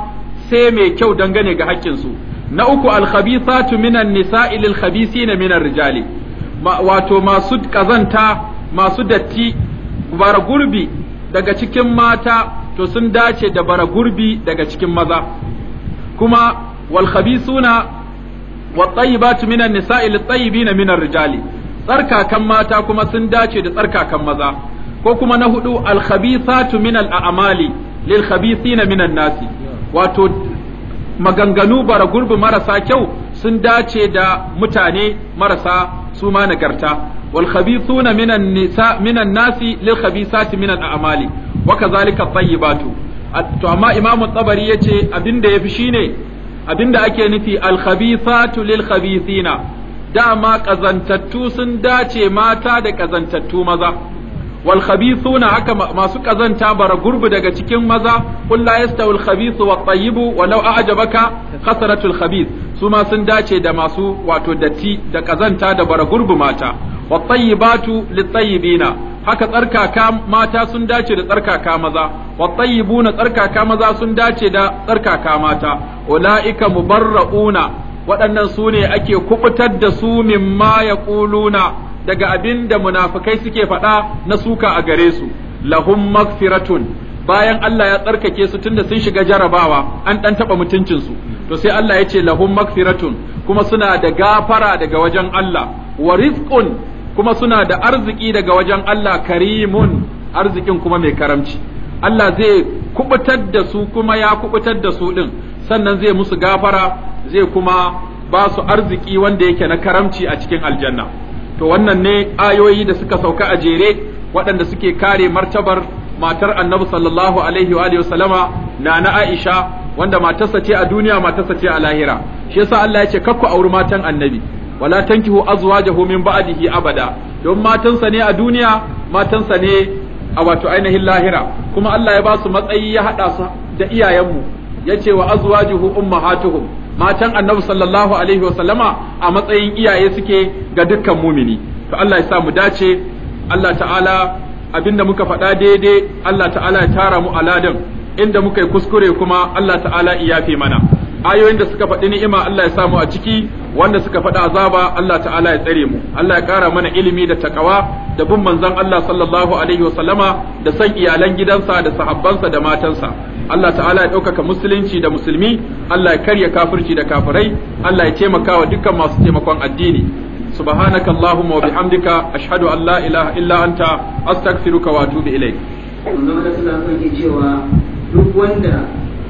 sai mai kyau dangane ga haƙƙinsu na uku alkhabithatu minan nisa'il lil khabithina minar rijali wato masu kazanta masu datti bara gurbi daga cikin mata to sun dace da bara gurbi daga cikin maza kuma wal khabithuna wat tayyibatu minan nisa'il lit tayyibina minar rijali tsarkakan mata kuma sun dace da tsarkakan maza ko kuma na hudu alkhabithatu min al'amali lil khabithina min nasi wato maganganu bara gurbi marasa kyau sun dace da mutane marasa su ma nagarta wal khabithuna minan nisa minan nasi lil khabithati a'mali wa kadhalika tayyibatu to amma imamu tsabari yace abinda yafi shine abinda ake nufi al khabithatu lil khabithina dama kazantattu sun dace mata da kazantattu maza wal khabithuna haka masu kazanta bara gurbu daga cikin maza qul la yastawi al khabithu wat tayyibu walau a'jabaka khasaratul khabith su ma sun dace da masu wato datti da kazanta da bara gurbu mata wat tayyibatu lit tayyibina haka tsarkaka mata sun dace da tsarkaka maza wat tayyibuna tsarkaka maza sun dace da tsarkaka mata ulaika mubarrauna waɗannan su ne ake kubutar da su mimma yaquluna daga abin da munafikai suke faɗa na suka a gare su lahum magfiratun bayan Allah ya tsarkake su tunda sun shiga jarabawa an ɗan taɓa mutuncin su to sai Allah ya ce lahum magfiratun kuma suna da gafara daga wajen Allah wa rizqun kuma suna da arziki daga wajen Allah karimun arzikin kuma mai karamci Allah zai kubutar da su kuma ya kubutar da su ɗin, sannan zai musu gafara zai kuma ba su arziki wanda yake na karamci a cikin aljanna to wannan ne ayoyi da suka sauka a jere waɗanda suke kare martabar matar annabi sallallahu alaihi wa alihi wasallama na na Aisha wanda matarsa ce a duniya matarsa ce a lahira shi yasa Allah ya ce kakku auri matan annabi wala tankihu azwajahu min ba'dihi abada don matansa ne a duniya matansa ne a wato ainihin lahira kuma Allah ya ba su matsayi ya haɗa su da iyayenmu ce wa azwajuhu ummahatuhum matan annabi sallallahu alaihi wa sallama a matsayin iyaye suke ga dukkan mumini to Allah ya sa mu dace Allah ta'ala abinda muka faɗa daidai Allah ta'ala ya tara mu aladin inda muka yi kuskure kuma Allah ta'ala iyafe mana ayoyin da suka faɗi ni'ima Allah ya samu a ciki wanda suka faɗi azaba Allah ta'ala ya tsare mu Allah ya ƙara mana ilimi da takawa da bin manzon Allah sallallahu alaihi wa sallama da san iyalan gidansa da sahabbansa da matansa Allah ta'ala ya ɗaukaka musulunci da musulmi Allah ya karya kafirci da kafirai Allah ya taimakawa wa dukkan masu taimakon addini سبحانك اللهم وبحمدك أشهد أن لا إله إلا أنت أستغفرك وأتوب إليك.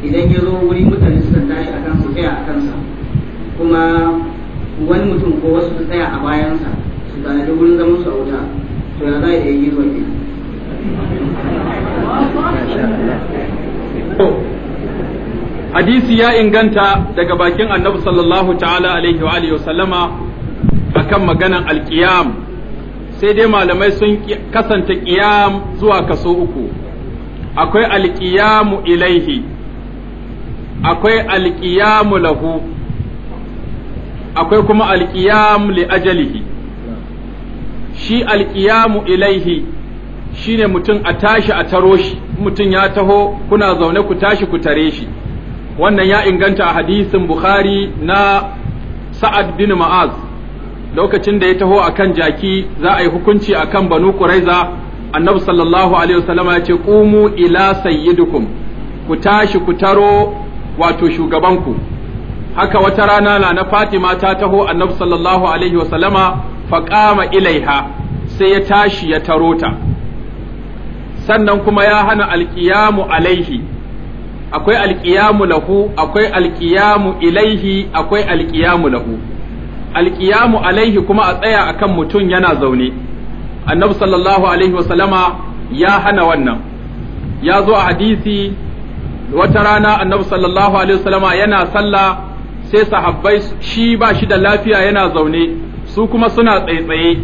idan ya zo wuri mutane su tashi akan su tsaya a kansa kuma wani mutum ko wasu su tsaya a bayansa su tanadi wurin zaman su a wuta to ya za a iya zuwa ke hadisi ya inganta daga bakin annabi sallallahu ta'ala alaihi wa alihi sallama akan maganan alqiyam sai dai malamai sun kasanta ƙiyam zuwa kaso uku akwai alqiyamu ilaihi akwai alƙiyamu lahu akwai kuma alƙiyamu li ajalihi shi alƙiyamu ilaihi shine mutum a tashi a taro shi mutum ya taho kuna zaune ku tashi ku tare shi wannan ya inganta a hadisin bukhari na sa'ad bin ma'az lokacin da ya taho akan jaki za a yi hukunci akan banu quraiza annabi sallallahu alaihi wasallama ya ce qumu ila sayyidukum ku tashi ku taro wato shugabanku haka wata rana na na Fatima ta taho Annabi sallallahu alaihi wasallama faqama ilaiha sai ya tashi ya taro ta sannan kuma ya hana alqiyamu alaihi akwai alqiyamu lahu akwai alqiyamu ilaihi akwai alqiyamu lahu alqiyamu alaihi kuma a tsaya akan mutum yana zaune Annabi sallallahu alaihi wasallama ya hana wannan ya zo a hadisi wata rana annabi sallallahu alaihi wasallama yana sallah sai sahabbai shi ba shi da lafiya yana zaune su kuma suna tsaitsaye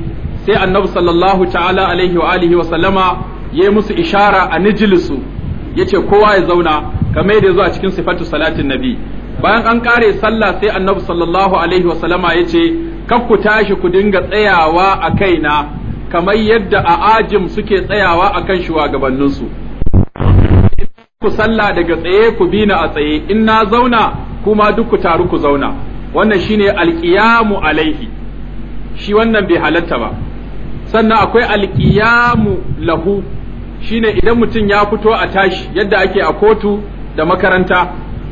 sai annabi sallallahu ta'ala alaihi wa alihi wa sallama yayi musu ishara a nijilisu yace kowa ya zauna kamar yadda zuwa cikin sifatu salatin nabi bayan an kare sallah sai annabi sallallahu alaihi wa sallama yace kar ku tashi ku dinga tsayawa a kaina kamar yadda a ajim suke tsayawa akan shugabanninsu ku sallah daga tsaye ku bi ni a tsaye in na zauna kuma duk ku taru ku zauna wannan shine alqiyamu alaihi shi wannan bai halatta ba sannan akwai alqiyamu lahu shine idan mutum ya fito a tashi yadda ake a kotu da makaranta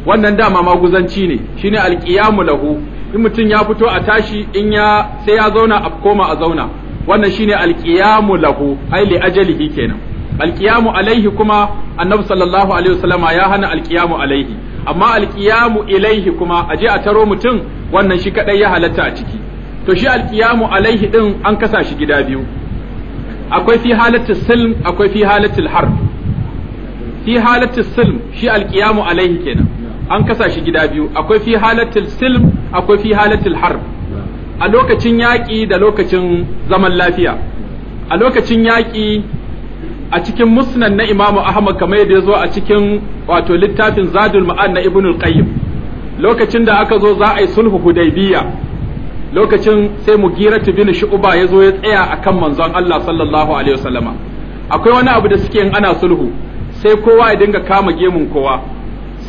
wannan dama maguzanci ne shine alqiyamu lahu in mutum ya fito a tashi in ya sai ya zauna a koma a zauna wannan shine alqiyamu lahu ai ajalihi kenan alqiyamu alaihi kuma annabi sallallahu alaihi wasallama ya hana alqiyamu alaihi amma alqiyamu ilaihi kuma aje a taro mutum wannan shi kadai ya halatta a ciki to shi alqiyamu alaihi din an kasa shi gida biyu akwai fi halatul silm akwai fi halatul harb fi halatul silm shi alqiyamu alaihi kenan an kasa shi gida biyu akwai fi halatul silm akwai fi halatul harb a lokacin yaƙi da lokacin zaman lafiya a lokacin yaƙi a cikin musnad na Imam Ahmad kamar yadda ya zo a cikin wato littafin Zadul ma'an na Ibn qayyim lokacin da aka zo za a yi sulhu Hudaybiya lokacin sai Mugiratu bin Shu'ba ya zo ya tsaya akan manzon Allah sallallahu alaihi wasallama akwai wani abu da suke yin ana sulhu sai kowa ya dinga kama gemun kowa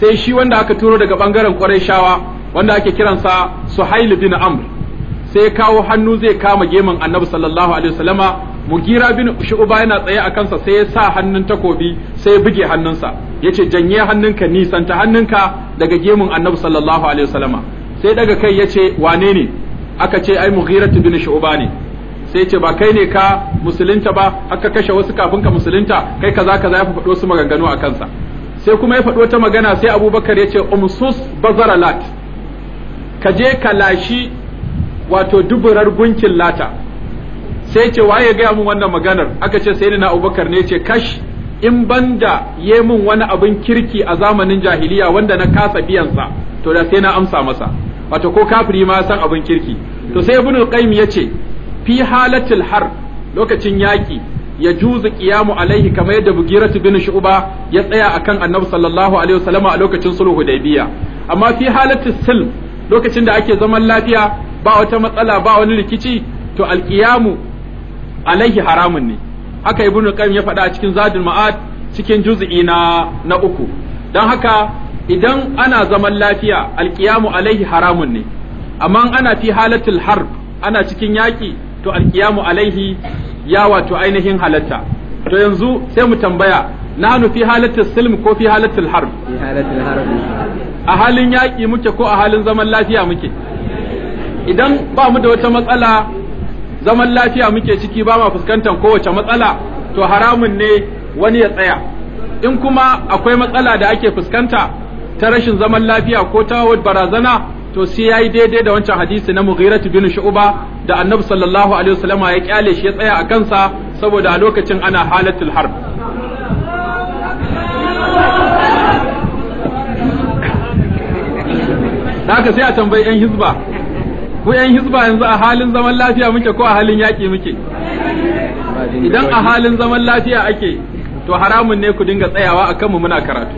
sai shi wanda aka turo daga bangaren Qurayshawa wanda ake kiransa Suhail bin Amr sai kawo hannu zai kama gemun Annabi sallallahu alaihi wasallama mugira bin shu'ba yana tsaye a kansa sai ya sa hannun takobi sai ya buge hannunsa yace janye hannunka nisanta hannunka daga gemun annabi sallallahu alaihi wasallama sai daga kai yace wane ne aka ce ai mughiratu bin shu'ba ne sai ce ba kai ne ka musulunta ba aka kashe wasu kafin ka musulunta kai kaza kaza ya faɗo su maganganu a kansa sai kuma ya faɗo ta magana sai abubakar ya ce umsus bazaralat ka je ka lashi wato duburar gunkin lata sai ce waye ya gaya mun wannan maganar aka ce sai na abubakar ne ce kash in banda ya mun wani abin kirki a zamanin jahiliya wanda na kasa biyan sa to da sai na amsa masa wato ko kafiri ma san abin kirki to sai ibn al-qayyim yace fi halatil har lokacin yaki ya juzu qiyamu alaihi kamar yadda bugiratu bin shu'ba ya tsaya akan annabi sallallahu alaihi wasallama a lokacin sulhu hudaybiya amma fi halatil silm lokacin da ake zaman lafiya ba wata matsala ba wani rikici to alqiyamu alaihi haramun ne haka ibnu qayyim ya faɗa a cikin zadul ma'ad cikin juz'i na na uku dan haka idan ana zaman lafiya alqiyamu alaihi haramun ne amma ana fi halatul harb ana cikin yaki to alqiyamu alaihi ya wato ainihin halatta to yanzu sai mu tambaya nanu fi halatul silm ko fi halatul harb fi halatul harb a halin yaki muke ko a halin zaman lafiya muke idan ba mu da wata matsala zaman lafiya muke ciki ba ma fuskantar kowace matsala to haramun ne wani ya tsaya in kuma akwai matsala da ake fuskanta ta rashin zaman lafiya ko ta barazana to sai yayi daidai da wancan hadisi na Mughiratu bin Shu'ba da Annabi sallallahu alaihi wasallama ya kyale shi ya tsaya a kansa saboda a lokacin ana halatul harb haka sai a tambayi 'yan hizba ku yan hizba yanzu a halin zaman lafiya muke ko a halin yaƙi muke idan a halin zaman lafiya ake to haramun ne ku dinga tsayawa a kanmu muna karatu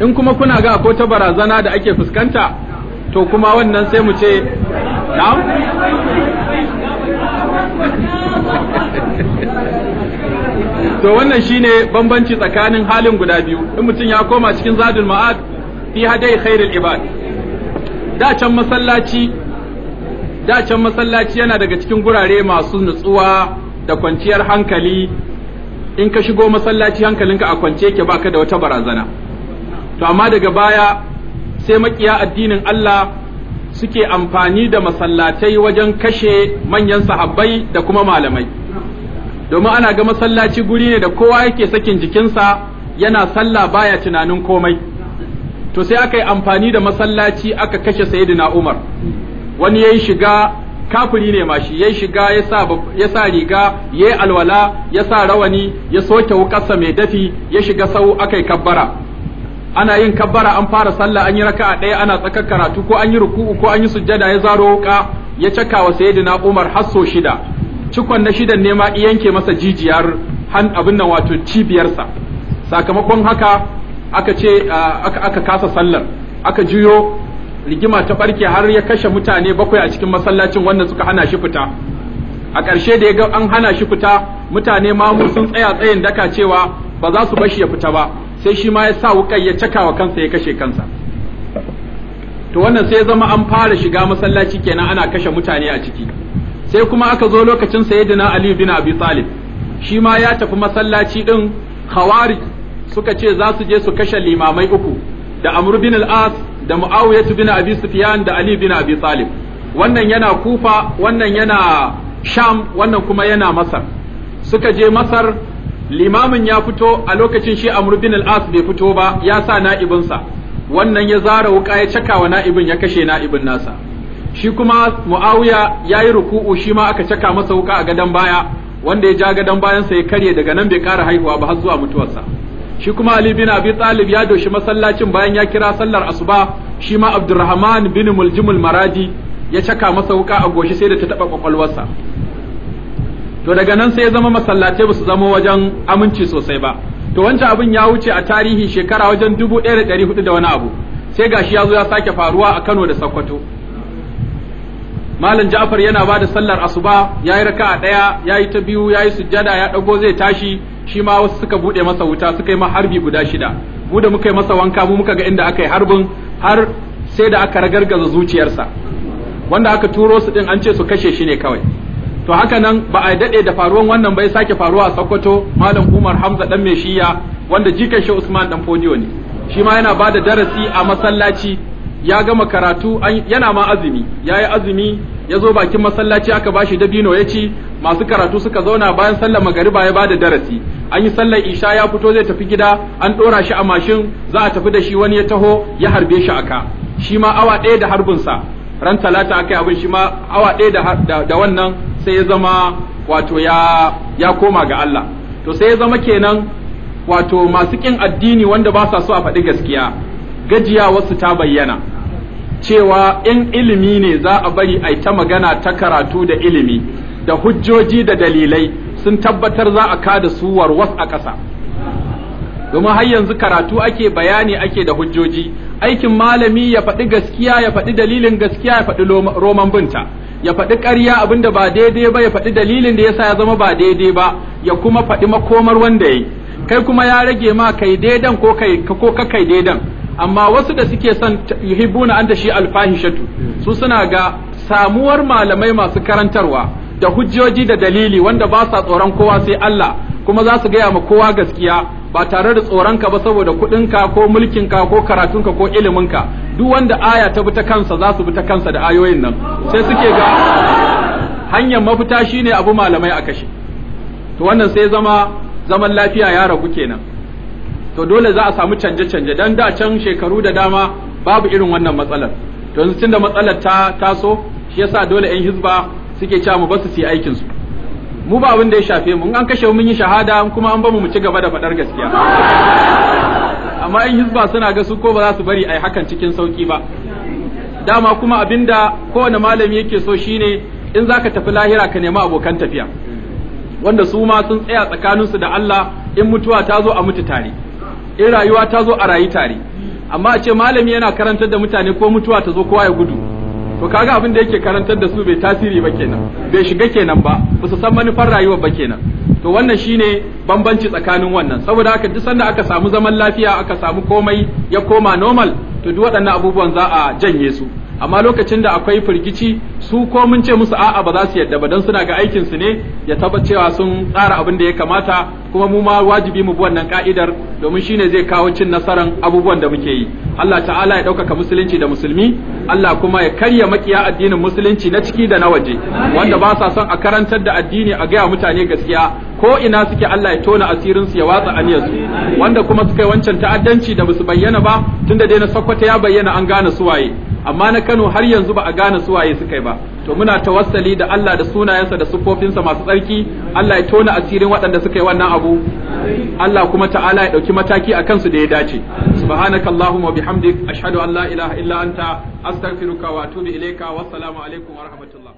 in kuma kuna ga ko ta barazana da ake fuskanta to kuma wannan sai mu ce na'am to wannan shine bambanci tsakanin halin guda biyu in mutum ya koma cikin zadul ma'ad fi hadai khairul ibad da can masallaci da can masallaci yana daga cikin gurare masu nutsuwa da kwanciyar hankali in ka shigo masallaci hankalinka a kwance yake baka da wata barazana to amma daga baya sai makiya addinin Allah suke amfani da masallatai wajen kashe manyan sahabbai da kuma malamai domin ana ga masallaci guri ne da kowa yake sakin jikinsa yana sallah baya tunanin komai to sai aka yi amfani da masallaci aka kashe sayyidina Umar wani yayi shiga kafiri ne ma shi yayi shiga ya sa riga yayi alwala ya sa rawani ya soke wukarsa mai dafi ya shiga sau akai kabbara ana yin kabbara an fara sallah an yi raka'a ɗaya ana tsakar karatu ko an yi ruku'u ko an yi sujjada ya zaro wuka ya caka wa sayyidina Umar hasso shida cikon na shidan ne ma yanke masa jijiyar han abin nan wato cibiyarsa sakamakon haka aka ce aka kasa sallar aka juyo rigima ta barke har ya kashe mutane bakwai a cikin masallacin wanda suka hana shi fita a ƙarshe da ya ga an hana shi fita mutane mamu sun tsaya tsayin daka cewa ba za su bashi ya fita ba sai shi ma ya sa wukan ya caka wa kansa ya kashe kansa to wannan sai ya zama an fara shiga masallaci kenan ana kashe mutane a ciki sai kuma aka zo lokacin sayyidina Ali bin Abi Talib shi ma ya tafi masallaci din Khawarij suka ce za su je su kashe limamai uku da Amr bin al-As da Muawiyah bin Abi Sufyan da Ali bin Abi Talib wannan yana Kufa wannan yana Sham wannan kuma yana Masar suka je Masar limamin ya fito a lokacin shi Amr bin al-As bai fito ba ya sa na'ibinsa wannan ya zara wuka ya cakawa na'ibin ya kashe na'ibin nasa shi kuma Muawiya ya yi ruku'u shi ma aka caka masa wuka a gadon baya wanda ya ja gadon bayansa ya karye daga nan bai kara haihuwa ba har zuwa mutuwarsa shi kuma Ali bin Abi Talib ya doshi masallacin bayan ya kira sallar asuba shi ma Abdurrahman bin Muljimul Maradi ya caka masa wuka a goshi sai da ta taba kwakwalwarsa to daga nan sai ya zama masallace ba su zama wajen aminci sosai ba to wancan abin ya wuce a tarihi shekara wajen dubu ɗaya da ɗari hudu da wani abu sai gashi ya zo ya sake faruwa a Kano da Sokoto Malam Ja'far yana ba da sallar asuba yayi yi raka'a ɗaya yayi ta biyu ya yi sujjada ya ɗago zai tashi shi ma wasu suka bude masa wuta suka yi ma harbi guda shida mu muka yi masa wanka mu muka ga inda aka yi harbin har sai da aka ragargaza zuciyarsa wanda aka turo su din an ce su kashe shi ne kawai to haka nan ba a dade da faruwan wannan bai sake faruwa a Sokoto malam Umar Hamza dan Meshiya wanda jikan shi Usman dan Fodiyo ne shi ma yana bada darasi a masallaci ya gama karatu yana ma azumi ya yi azumi ya zo bakin masallaci aka bashi dabino ya ci masu karatu suka zauna bayan sallar magariba ya bada darasi an yi sallar isha ya fito zai tafi gida an ɗora shi a mashin za a tafi da shi wani ya taho ya harbe shi aka shi ma awa ɗaya da harbinsa ran talata aka yi abin shi ma awa ɗaya da wannan sai ya zama wato ya ya koma ga Allah to sai ya zama kenan wato masu kin addini wanda ba sa so a faɗi gaskiya gajiya wasu ta bayyana cewa in ilimi ne za a bari a ta magana ta karatu da ilimi da hujjoji da dalilai sun tabbatar za a kada su warwas a ƙasa domin har yanzu karatu ake bayani ake da hujjoji aikin malami ya faɗi gaskiya ya faɗi dalilin gaskiya ya faɗi roman binta ya faɗi ƙarya abin da ba daidai ba ya faɗi dalilin da yasa ya zama ba daidai ba ya kuma faɗi makomar wanda ya yi kai kuma ya rage ma kai daidan ko ka kai daidan amma wasu da suke son yuhibbuna an shi alfahishatu hmm. su suna ga samuwar malamai masu karantarwa da hujjoji da dalili wanda ba sa tsoron kowa sai Allah kuma za su gaya ma kowa gaskiya ba tare da tsoron ka ba saboda ka ko mulkinka ko karatunka ko iliminka duk wanda aya ta bi ta kansa za su bi ta kansa da ayoyin nan sai suke ga hanyar mafita shine abu malamai a kashe to wannan sai zama zaman lafiya ya ragu kenan to dole za a samu canje-canje dan da can shekaru da dama babu irin wannan matsalar to yanzu tunda matsalar ta taso shi yasa dole yan hizba suke cewa mu basu su yi aikin su mu ba abin da ya shafe mu an kashe mun yi shahada kuma an bamu mu ci gaba da faɗar gaskiya amma yan hizba suna ga su ko ba za su bari ai hakan cikin sauki ba dama kuma abinda kowane malami yake so shine in zaka tafi lahira ka nemi abokan tafiya wanda su ma sun tsaya tsakaninsu da Allah in mutuwa ta zo a mutu tare in rayuwa ta zo a rayu tare amma a ce malami yana karantar da mutane ko mutuwa ta zo kowa ya gudu to kaga abin da yake karantar da su bai tasiri ba kenan bai shiga kenan ba ba su san manufar rayuwar ba kenan to wannan shine bambanci tsakanin wannan saboda haka duk sanda aka samu zaman lafiya aka samu komai ya koma normal to duk waɗannan abubuwan za a janye su amma lokacin da akwai firgici su ko mun ce musu a'a ba za su yadda ba dan suna ga aikin su ne ya taba cewa sun tsara abin da ya kamata kuma mu ma wajibi mu bi wannan ka'idar domin shine zai kawo cin nasaran abubuwan da muke yi Allah ta'ala ya ɗaukaka musulunci da musulmi Allah kuma ya karya makiya addinin musulunci na ciki da na waje wanda ba sa son a karantar da addini a gaya mutane gaskiya ko ina suke Allah ya tona asirin su ya watsa aniyarsu wanda kuma suka yi wancan ta'addanci da basu bayyana ba tunda dai na sakwata ya bayyana an gane su waye amma na Kano har yanzu ba a gane su waye suka yi ba to muna tawassali da Allah da sunayensa da sufofinsa masu tsarki Allah ya tona asirin waɗanda suka yi wannan abu Allah kuma ta'ala ya ɗauki mataki a kansu da ya dace subhanakallahumma bihamdik ashhadu an la ilaha illa anta astaghfiruka wa atubu ilayka wassalamu alaikum wa rahmatullah